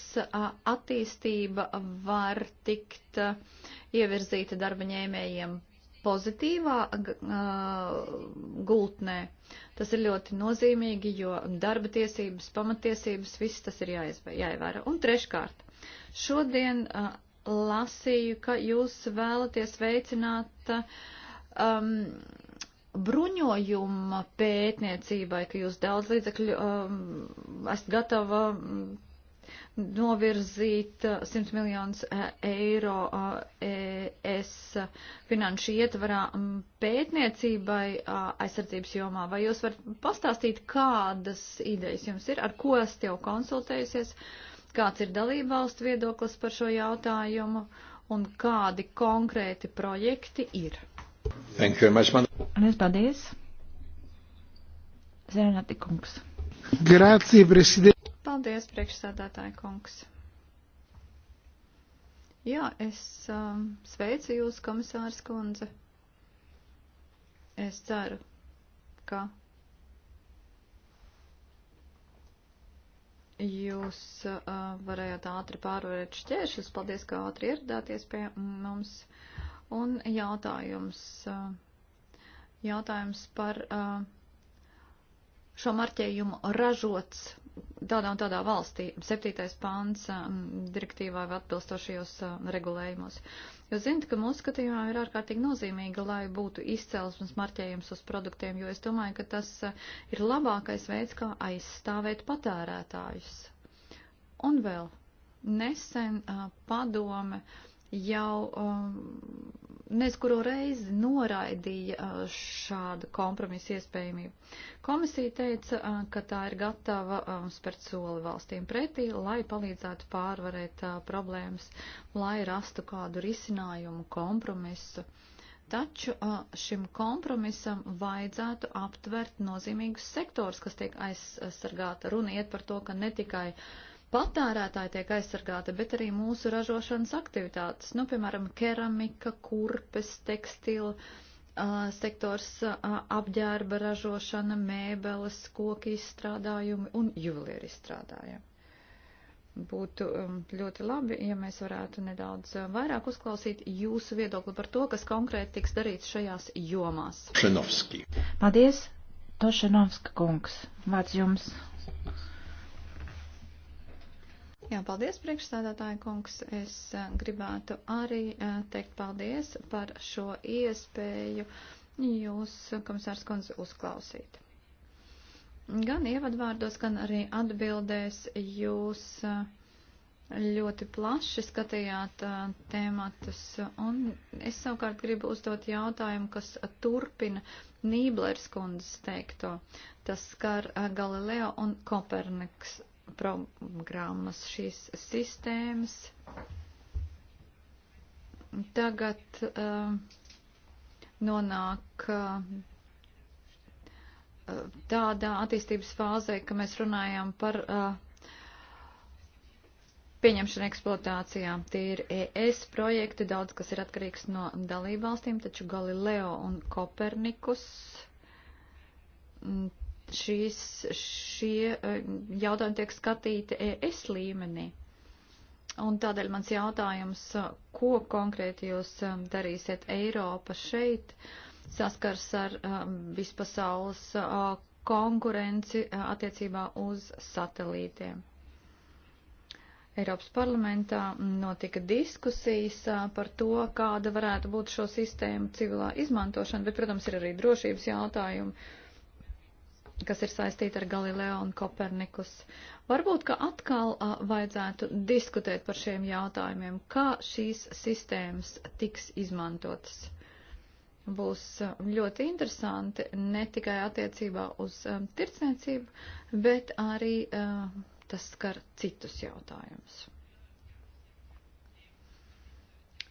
attīstība var tikt ievirzīta darba ņēmējiem pozitīvā uh, gultnē. Tas ir ļoti nozīmīgi, jo darba tiesības, pamatiesības, viss tas ir jāievēro. Un treškārt, šodien uh, lasīju, ka jūs vēlaties veicināt um, bruņojuma pētniecībai, ka jūs daudz līdzekļu um, esat gatava. Um, novirzīt 100 eh, miljonus eh, eiro eh, es finanšu ietvarā mm, pētniecībai aizsardzības jomā. Vai jūs varat pastāstīt, kādas idejas jums ir, ar ko esat jau konsultējusies, kāds ir dalībvalstu viedoklis par šo jautājumu un kādi konkrēti projekti ir? Thank you very much, man. Liels paldies. Zerenati kungs. Grācija, prezident. Paldies, priekšsādātāja kungs. Jā, es um, sveicu jūs, komisārs kundze. Es ceru, ka jūs uh, varējāt ātri pārvarēt šķēršļus. Paldies, ka ātri ieradāties pie mums. Un jautājums, uh, jautājums par uh, šo marķējumu ražots tādā un tādā valstī. Septītais pāns um, direktīvā vai atbilstošajos um, regulējumos. Jūs zinat, ka mūsu skatījumā ir ārkārtīgi nozīmīga, lai būtu izcelsmes marķējums uz produktiem, jo es domāju, ka tas uh, ir labākais veids, kā aizstāvēt patērētājus. Un vēl nesen uh, padome. Uh, jau um, nezkuro reizi noraidīja uh, šādu kompromisu iespējamību. Komisija teica, uh, ka tā ir gatava um, spērt soli valstīm pretī, lai palīdzētu pārvarēt uh, problēmas, lai rastu kādu risinājumu kompromisu. Taču uh, šim kompromisam vajadzētu aptvert nozīmīgus sektors, kas tiek aizsargāta. Runa iet par to, ka ne tikai uh, patērētāji tiek aizsargāti, bet arī mūsu ražošanas aktivitātes, nu, piemēram, keramika, kurpes, tekstila sektors apģērba ražošana, mēbeles, koki izstrādājumi un juvelieru izstrādājumi. Būtu um, ļoti labi, ja mēs varētu nedaudz vairāk uzklausīt jūsu viedokli par to, kas konkrēti tiks darīts šajās jomās. Šenovski. Paldies, Tošenovska kungs. Vārds jums. Jā, paldies, priekšstādātāja kungs. Es eh, gribētu arī eh, teikt paldies par šo iespēju jūs, komisārs kundze, uzklausīt. Gan ievadvārdos, gan arī atbildēs jūs eh, ļoti plaši skatījāt tēmatus, un es savukārt gribu uzdot jautājumu, kas turpina Nīblers kundzes teikto. Tas skar Galileo un Koperniks programmas, šīs sistēmas. Tagad uh, nonāk uh, tādā attīstības fāzē, ka mēs runājam par uh, Pieņemšana eksploatācijā tie ir ES projekti, daudz kas ir atkarīgs no dalībvalstīm, taču Galileo un Kopernikus mm, šīs, šie eh, jautājumi tiek skatīti ES līmenī. Un tādēļ mans jautājums, eh, ko konkrēti jūs eh, darīsiet Eiropa šeit, saskars ar vispasaules konkurenci attiecībā uz satelītiem. Eiropas parlamentā notika diskusijas par to, kāda varētu būt šo sistēmu civilā izmantošana, bet, protams, ir arī drošības jautājumi kas ir saistīta ar Galileo un Kopernikus. Varbūt, ka atkal a, vajadzētu diskutēt par šiem jautājumiem, kā šīs sistēmas tiks izmantotas. Būs a, ļoti interesanti ne tikai attiecībā uz a, tirdzniecību, bet arī a, tas skar citus jautājumus.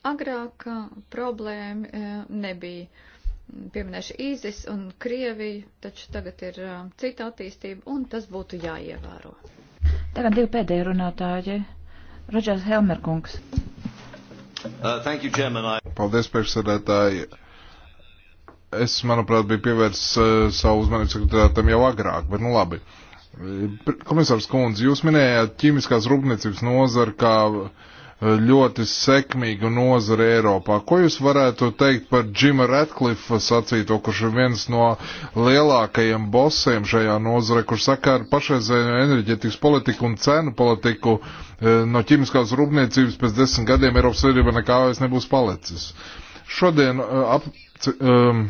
Agrāk a, problēma a, e, nebija pieminēšu īzis un Krieviju, taču tagad ir uh, cita attīstība, un tas būtu jāievēro. Tagad divi pēdējie runātāji. Rodžers Helmerkungs. Uh, thank you, Chairman. I... Paldies, priekšsēdētāji. Es, manuprāt, biju pievērsts uh, savu uzmanību sekretārātam jau agrāk, bet nu labi. Komisārs Kundze, jūs minējāt ķīmiskās rūpniecības nozaru kā uh, ļoti sekmīgu nozari Eiropā. Ko jūs varētu teikt par Džima Ratcliffa sacīto, kurš ir viens no lielākajiem bosiem šajā nozare, kurš saka ar pašreizējo enerģetikas politiku un cenu politiku eh, no ķimiskās rūpniecības pēc desmit gadiem Eiropas Savienība nekā vairs nebūs palicis. Šodien eh, ap, ehm,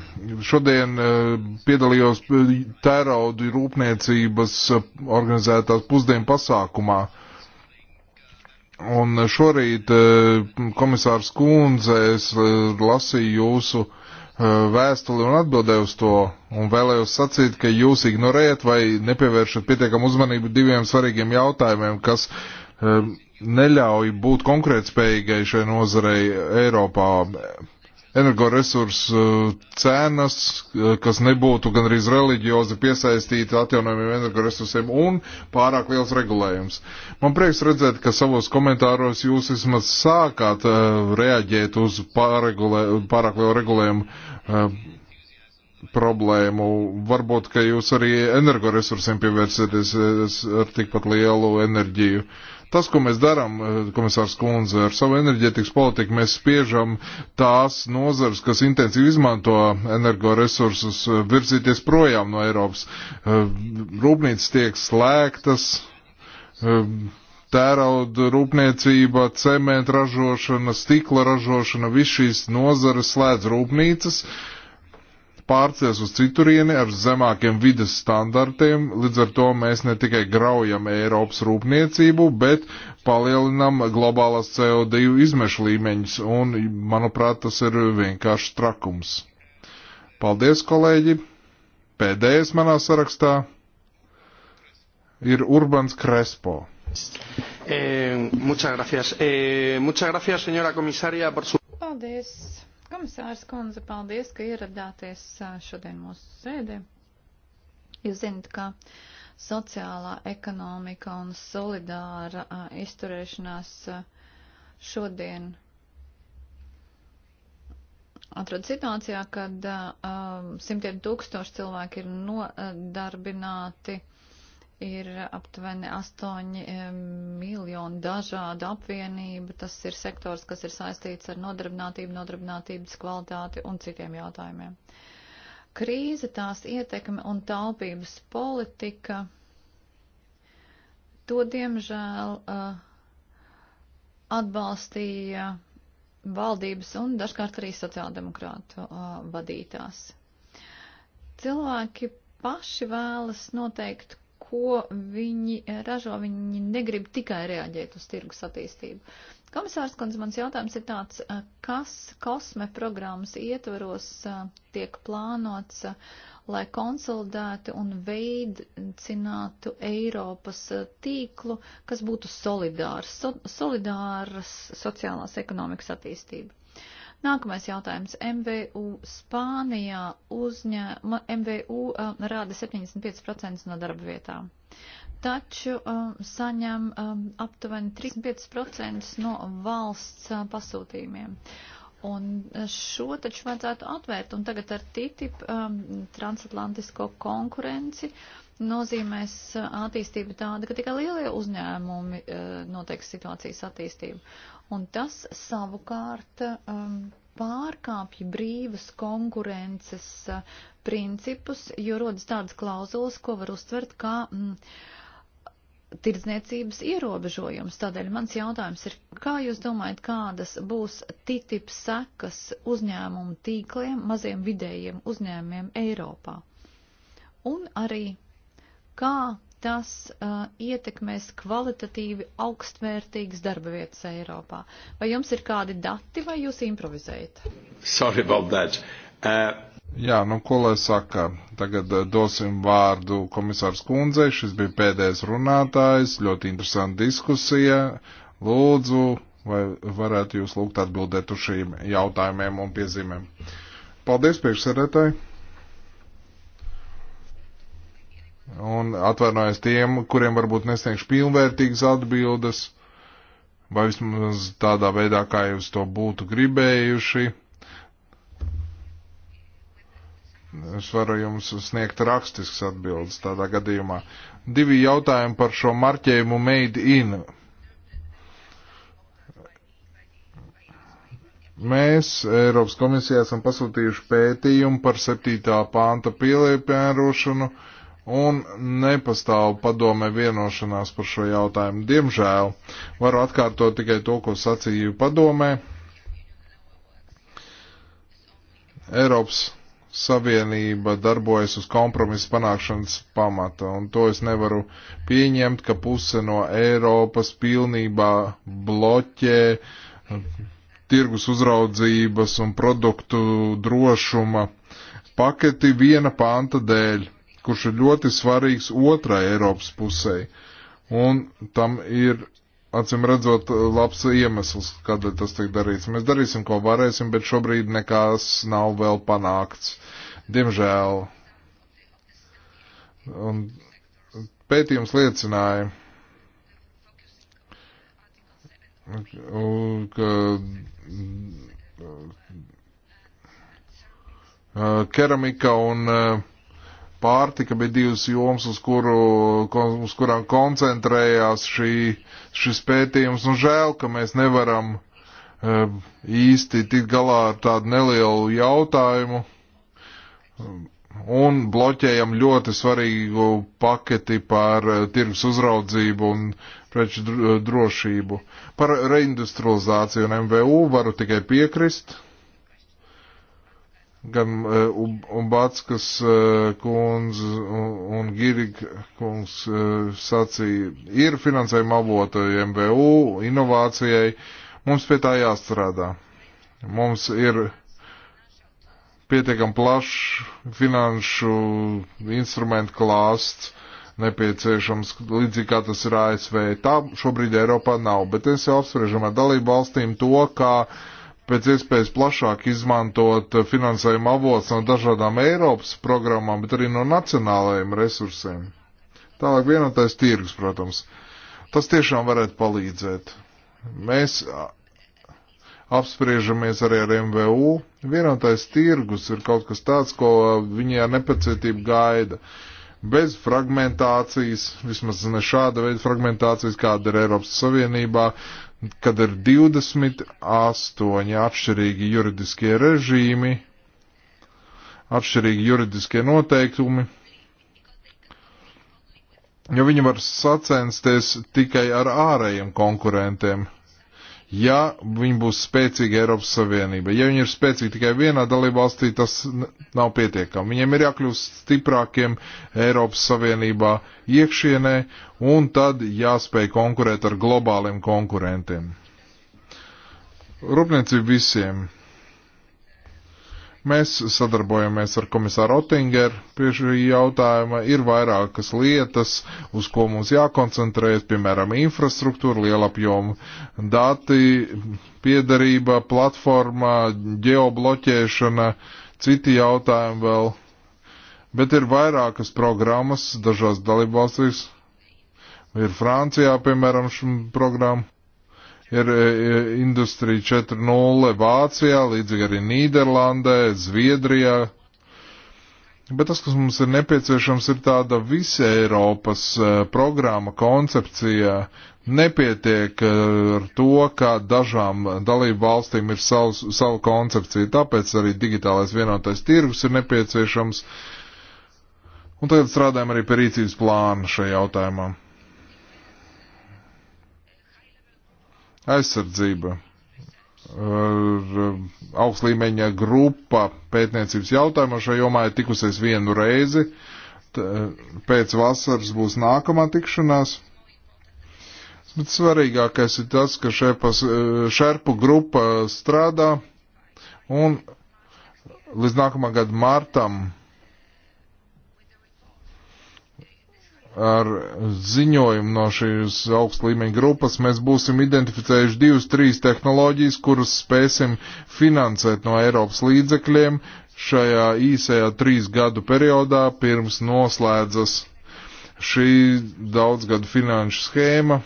šodien eh, piedalījos tēraudu rūpniecības organizētās pusdienu pasākumā. Un šorīt eh, komisārs Kūndze, es eh, lasīju jūsu eh, vēstuli un atbildēju uz to, un vēlējos sacīt, ka jūs ignorējat vai nepievēršat pietiekam uzmanību diviem svarīgiem jautājumiem, kas neļauj būt konkrētspējīgai šai nozarei Eiropā energoresursu eh, cenas, eh, kas nebūtu gan arī reliģiozi piesaistīti atjaunojumiem energoresursiem un pārāk liels regulējums. Man prieks redzēt, ka savos komentāros jūs vismaz sākāt eh, reaģēt uz pārregulē, pārāk lielu regulējumu problēmu. Varbūt, ka jūs arī energoresursiem pievērsieties ar tikpat lielu enerģiju. Uh, Tas, ko mēs darām, eh, komisārs Kunze, ar savu enerģētikas politiku, mēs spiežam tās nozars, kas intensīvi izmanto energoresursus, eh, virzīties projām no Eiropas. Eh, rūpnīcas tiek slēgtas, tērauda rūpniecība, cementa ražošana, stikla ražošana, viss šīs nozares slēdz rūpnīcas. Uh, pārcies uz citurieni ar zemākiem vidas standartiem, līdz ar to mēs ne tikai graujam Eiropas rūpniecību, bet palielinam globālās CO2 izmešu līmeņus, un, manuprāt, tas ir vienkārši trakums. Paldies, kolēģi! Pēdējais manā sarakstā ir Urbans Krespo. Eh, muchas gracias. Eh, muchas gracias, señora comisaria, por su. Paldies Komisārs Konze, paldies, ka ieradāties šodien mūsu sēdē. Jūs zinat, ka sociālā ekonomika un solidāra a, izturēšanās a, šodien atrod situācijā, kad a, simtiem tūkstoši cilvēki ir nodarbināti. A, ir aptuveni 8 miljoni dažādu apvienību. Tas ir sektors, kas ir saistīts ar nodarbinātību, nodarbinātības kvalitāti un citiem jautājumiem. Krīze, tās ietekme un taupības politika, to diemžēl eh, atbalstīja valdības un dažkārt arī sociāldemokrātu eh, vadītās. Cilvēki paši vēlas noteikt, ko viņi ražo. Viņi negrib tikai reaģēt uz tirgus attīstību. Komisārs Kundze, mans jautājums ir tāds, kas kosme programmas ietvaros tiek plānots, lai konsolidētu un veicinātu Eiropas tīklu, kas būtu solidārs, so, solidāras sociālās ekonomikas attīstība? Nākamais jautājums. MVU Spānijā uzņēma, MVU uh, rāda 75% no darba vietām, taču uh, saņem um, aptuveni 35% no valsts uh, pasūtījumiem. Un šo taču vajadzētu atvērt, un tagad ar TTIP um, transatlantisko konkurenci nozīmēs attīstība tāda, ka tikai lielie uzņēmumi uh, noteiks situācijas attīstību un tas savukārt um, pārkāpja brīvas konkurences uh, principus, jo rodas tādas klauzulas, ko var uztvert kā mm, tirdzniecības ierobežojums. Tādēļ mans jautājums ir, kā jūs domājat, kādas būs TTIP sekas uzņēmumu tīkliem, maziem vidējiem uzņēmumiem Eiropā? Un arī kā tas uh, ietekmēs kvalitatīvi augstvērtīgas darba vietas Eiropā. Vai jums ir kādi dati, vai jūs improvizējat? Sorry about that. Uh... Jā, nu ko lai saka, tagad uh, dosim vārdu komisārs kundzei, šis bija pēdējais runātājs, ļoti interesanta diskusija. Lūdzu, vai varētu jūs lūgt atbildēt uz šīm jautājumiem un piezīmēm? Paldies, priekšsēdētāji! Un atvainojos tiem, kuriem varbūt nesniegšu pilnvērtīgas atbildes, vai vismaz tādā veidā, kā jūs to būtu gribējuši. Es varu jums sniegt rakstisks atbildes tādā gadījumā. Divi jautājumi par šo marķējumu made in. Mēs Eiropas komisijā esam pasūtījuši pētījumu par 7. pānta pieliepienošanu. Uh, un nepastāv padomē vienošanās par šo jautājumu. Diemžēl varu atkārtot tikai to, ko sacīju padomē. Eiropas Savienība darbojas uz kompromisu panākšanas pamata, un to es nevaru pieņemt, ka puse no Eiropas pilnībā bloķē tirgus uzraudzības un produktu drošuma paketi viena panta dēļ kurš ir ļoti svarīgs otrai Eiropas pusē. Un tam ir, acim redzot, labs iemesls, kādēļ tas tiek darīts. Mēs darīsim, ko varēsim, bet šobrīd nekas nav vēl panākts. Diemžēl. Un pētījums liecināja, ka keramika un uh, pārtika bija divas jomas, uz, kuru, uz kurām koncentrējās šī, šis pētījums. Un nu, žēl, ka mēs nevaram e, īsti tikt galā ar tādu nelielu jautājumu un bloķējam ļoti svarīgu paketi par e, tirgus uzraudzību un preču drošību. Par reindustrializāciju un MVU varu tikai piekrist gan eh, Umbatskas eh, kundz un Girig kungs eh, sacīja, ir finansējuma avota MVU inovācijai, mums pie tā jāstrādā. Mums ir pietiekam plašs finanšu instrumentu klāsts nepieciešams, līdzīgi kā tas ir ASV. Tā šobrīd Eiropā nav, bet es jau apspriežam ar dalību valstīm to, kā uh, pēc iespējas plašāk izmantot finansējuma avots no dažādām Eiropas programmām, bet arī no nacionālajiem resursiem. Tālāk vienotais tirgus, protams. Tas tiešām varētu palīdzēt. Mēs apspriežamies arī ar MVU. Vienotais tirgus ir kaut kas tāds, ko viņi ar nepacietību gaida. Uh, bez fragmentācijas, vismaz ne šāda veida fragmentācijas, kāda ir Eiropas Savienībā, kad ir 28 atšķirīgi juridiskie režīmi, atšķirīgi juridiskie noteikumi, jo viņi var sacensties tikai ar ārējiem konkurentiem ja viņi būs spēcīgi Eiropas Savienība. Ja viņi ir spēcīgi tikai vienā dalībvalstī, tas nav pietiekami. Viņiem ir jākļūst stiprākiem Eiropas Savienībā iekšienē un tad jāspēj konkurēt ar globāliem konkurentiem. Rūpniecība visiem Mēs sadarbojamies ar komisāru Otingeru pie šī jautājuma. Ir vairākas lietas, uz ko mums jākoncentrējas, piemēram, infrastruktūra, lielapjoma dati, piedarība, platforma, geobloķēšana, citi jautājumi vēl. Bet ir vairākas programmas dažās dalībvalstīs. Ir Francijā, piemēram, šī programma ir e, e, industrija 4.0 Vācijā, līdzīgi arī Nīderlandē, Zviedrijā. Bet tas, kas mums ir nepieciešams, ir tāda visa Eiropas e, programma, koncepcija. Nepietiek ar to, ka dažām dalību valstīm ir savs, savu koncepciju, tāpēc arī digitālais vienotais tirgus ir nepieciešams. Un tagad strādājam arī pie rīcības plāna šajā jautājumā. Aizsardzība. Ar eh, augstlīmeņa grupa pētniecības jautājumā šajā jomā ir tikusies vienu reizi. Eh, pēc vasaras būs nākamā tikšanās. Bet svarīgākais ir tas, ka šepas, eh, šerpu grupa strādā un līdz nākamā gada martam ar ziņojumu no šīs augst līmeņa grupas mēs būsim identificējuši divas, trīs tehnoloģijas, kuras spēsim finansēt no Eiropas līdzekļiem šajā īsajā trīs gadu periodā pirms noslēdzas šī daudzgadu finanšu schēma.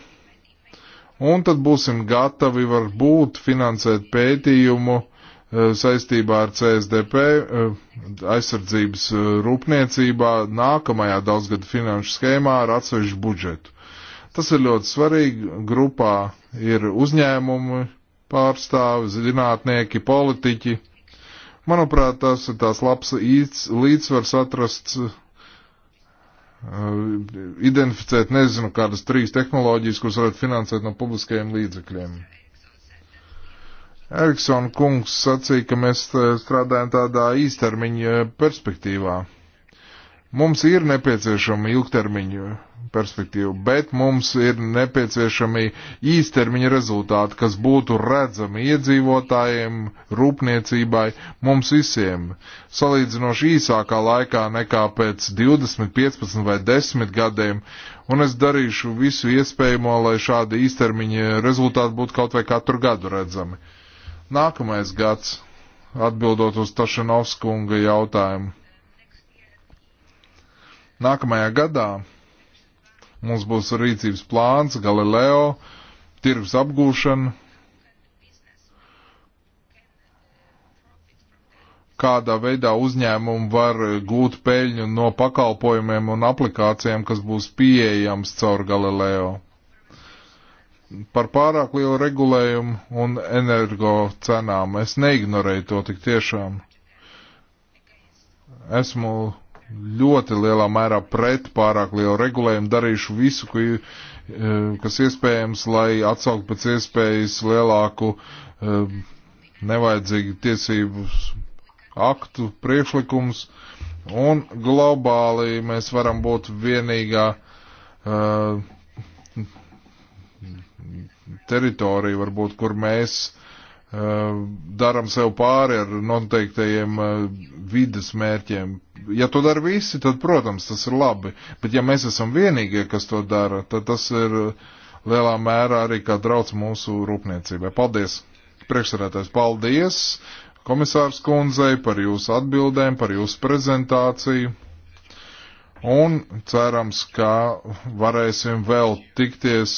Un tad būsim gatavi varbūt finansēt pētījumu Eh, saistībā ar CSDP eh, aizsardzības eh, rūpniecībā nākamajā daudzgada finanšu schēmā ar atsevišķu budžetu. Tas ir ļoti svarīgi. Grupā ir uzņēmumi, pārstāvi, zinātnieki, politiķi. Manuprāt, tas ir tās labs līdzsvars atrasts, identificēt nezinu kādas trīs tehnoloģijas, kuras varētu finansēt no publiskajiem līdzekļiem. Eriksona kungs sacīja, ka mēs eh, strādājam tādā īstermiņa perspektīvā. Mums ir nepieciešama ilgtermiņa perspektīva, bet mums ir nepieciešami īstermiņa rezultāti, kas būtu redzami iedzīvotājiem, rūpniecībai, mums visiem. Salīdzinoši īsākā laikā nekā pēc 20, 15 vai 10 gadiem, un es darīšu visu iespējamo, lai šādi īstermiņa rezultāti būtu kaut vai katru gadu redzami. Nākamais gads, atbildot uz Tašanovskunga jautājumu. Nākamajā gadā mums būs rīcības plāns, Galileo, tirgus apgūšana, kādā veidā uzņēmumi var gūt peļņu no pakalpojumiem un aplikācijām, kas būs pieejams caur Galileo par pārāk lielu regulējumu un energo cenām. Es neignorēju to tik tiešām. Esmu ļoti lielā mērā pret pārāk lielu regulējumu, darīšu visu, ko, e, kas iespējams, lai atsaukt pēc iespējas lielāku e, nevajadzīgu tiesību aktu priekšlikums, un globāli mēs varam būt vienīgā uh, teritoriju, varbūt, kur mēs uh, daram sev pāri ar noteiktajiem uh, eh, vidas mērķiem. Ja to dara visi, tad, protams, tas ir labi, bet ja mēs esam vienīgie, kas to dara, tad tas ir lielā mērā arī kā drauds mūsu rūpniecībai. Paldies! Priekšsarētājs, paldies komisārs kundzei par jūsu atbildēm, par jūsu prezentāciju. Un cerams, ka varēsim vēl tikties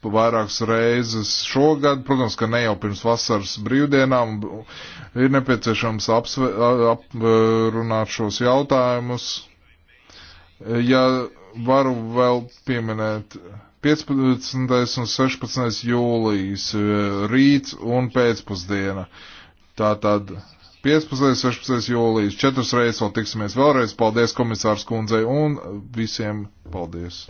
vairākas reizes šogad. Protams, ka ne jau pirms vasaras brīvdienām ir nepieciešams aprunāt šos jautājumus. Ja varu vēl pieminēt 15. un 16. jūlijas eh, rīts un pēcpusdiena. Tātad 15. 16. jūlijas. Četras reizes vēl tiksimies vēlreiz. Paldies komisārs kundzei un visiem paldies!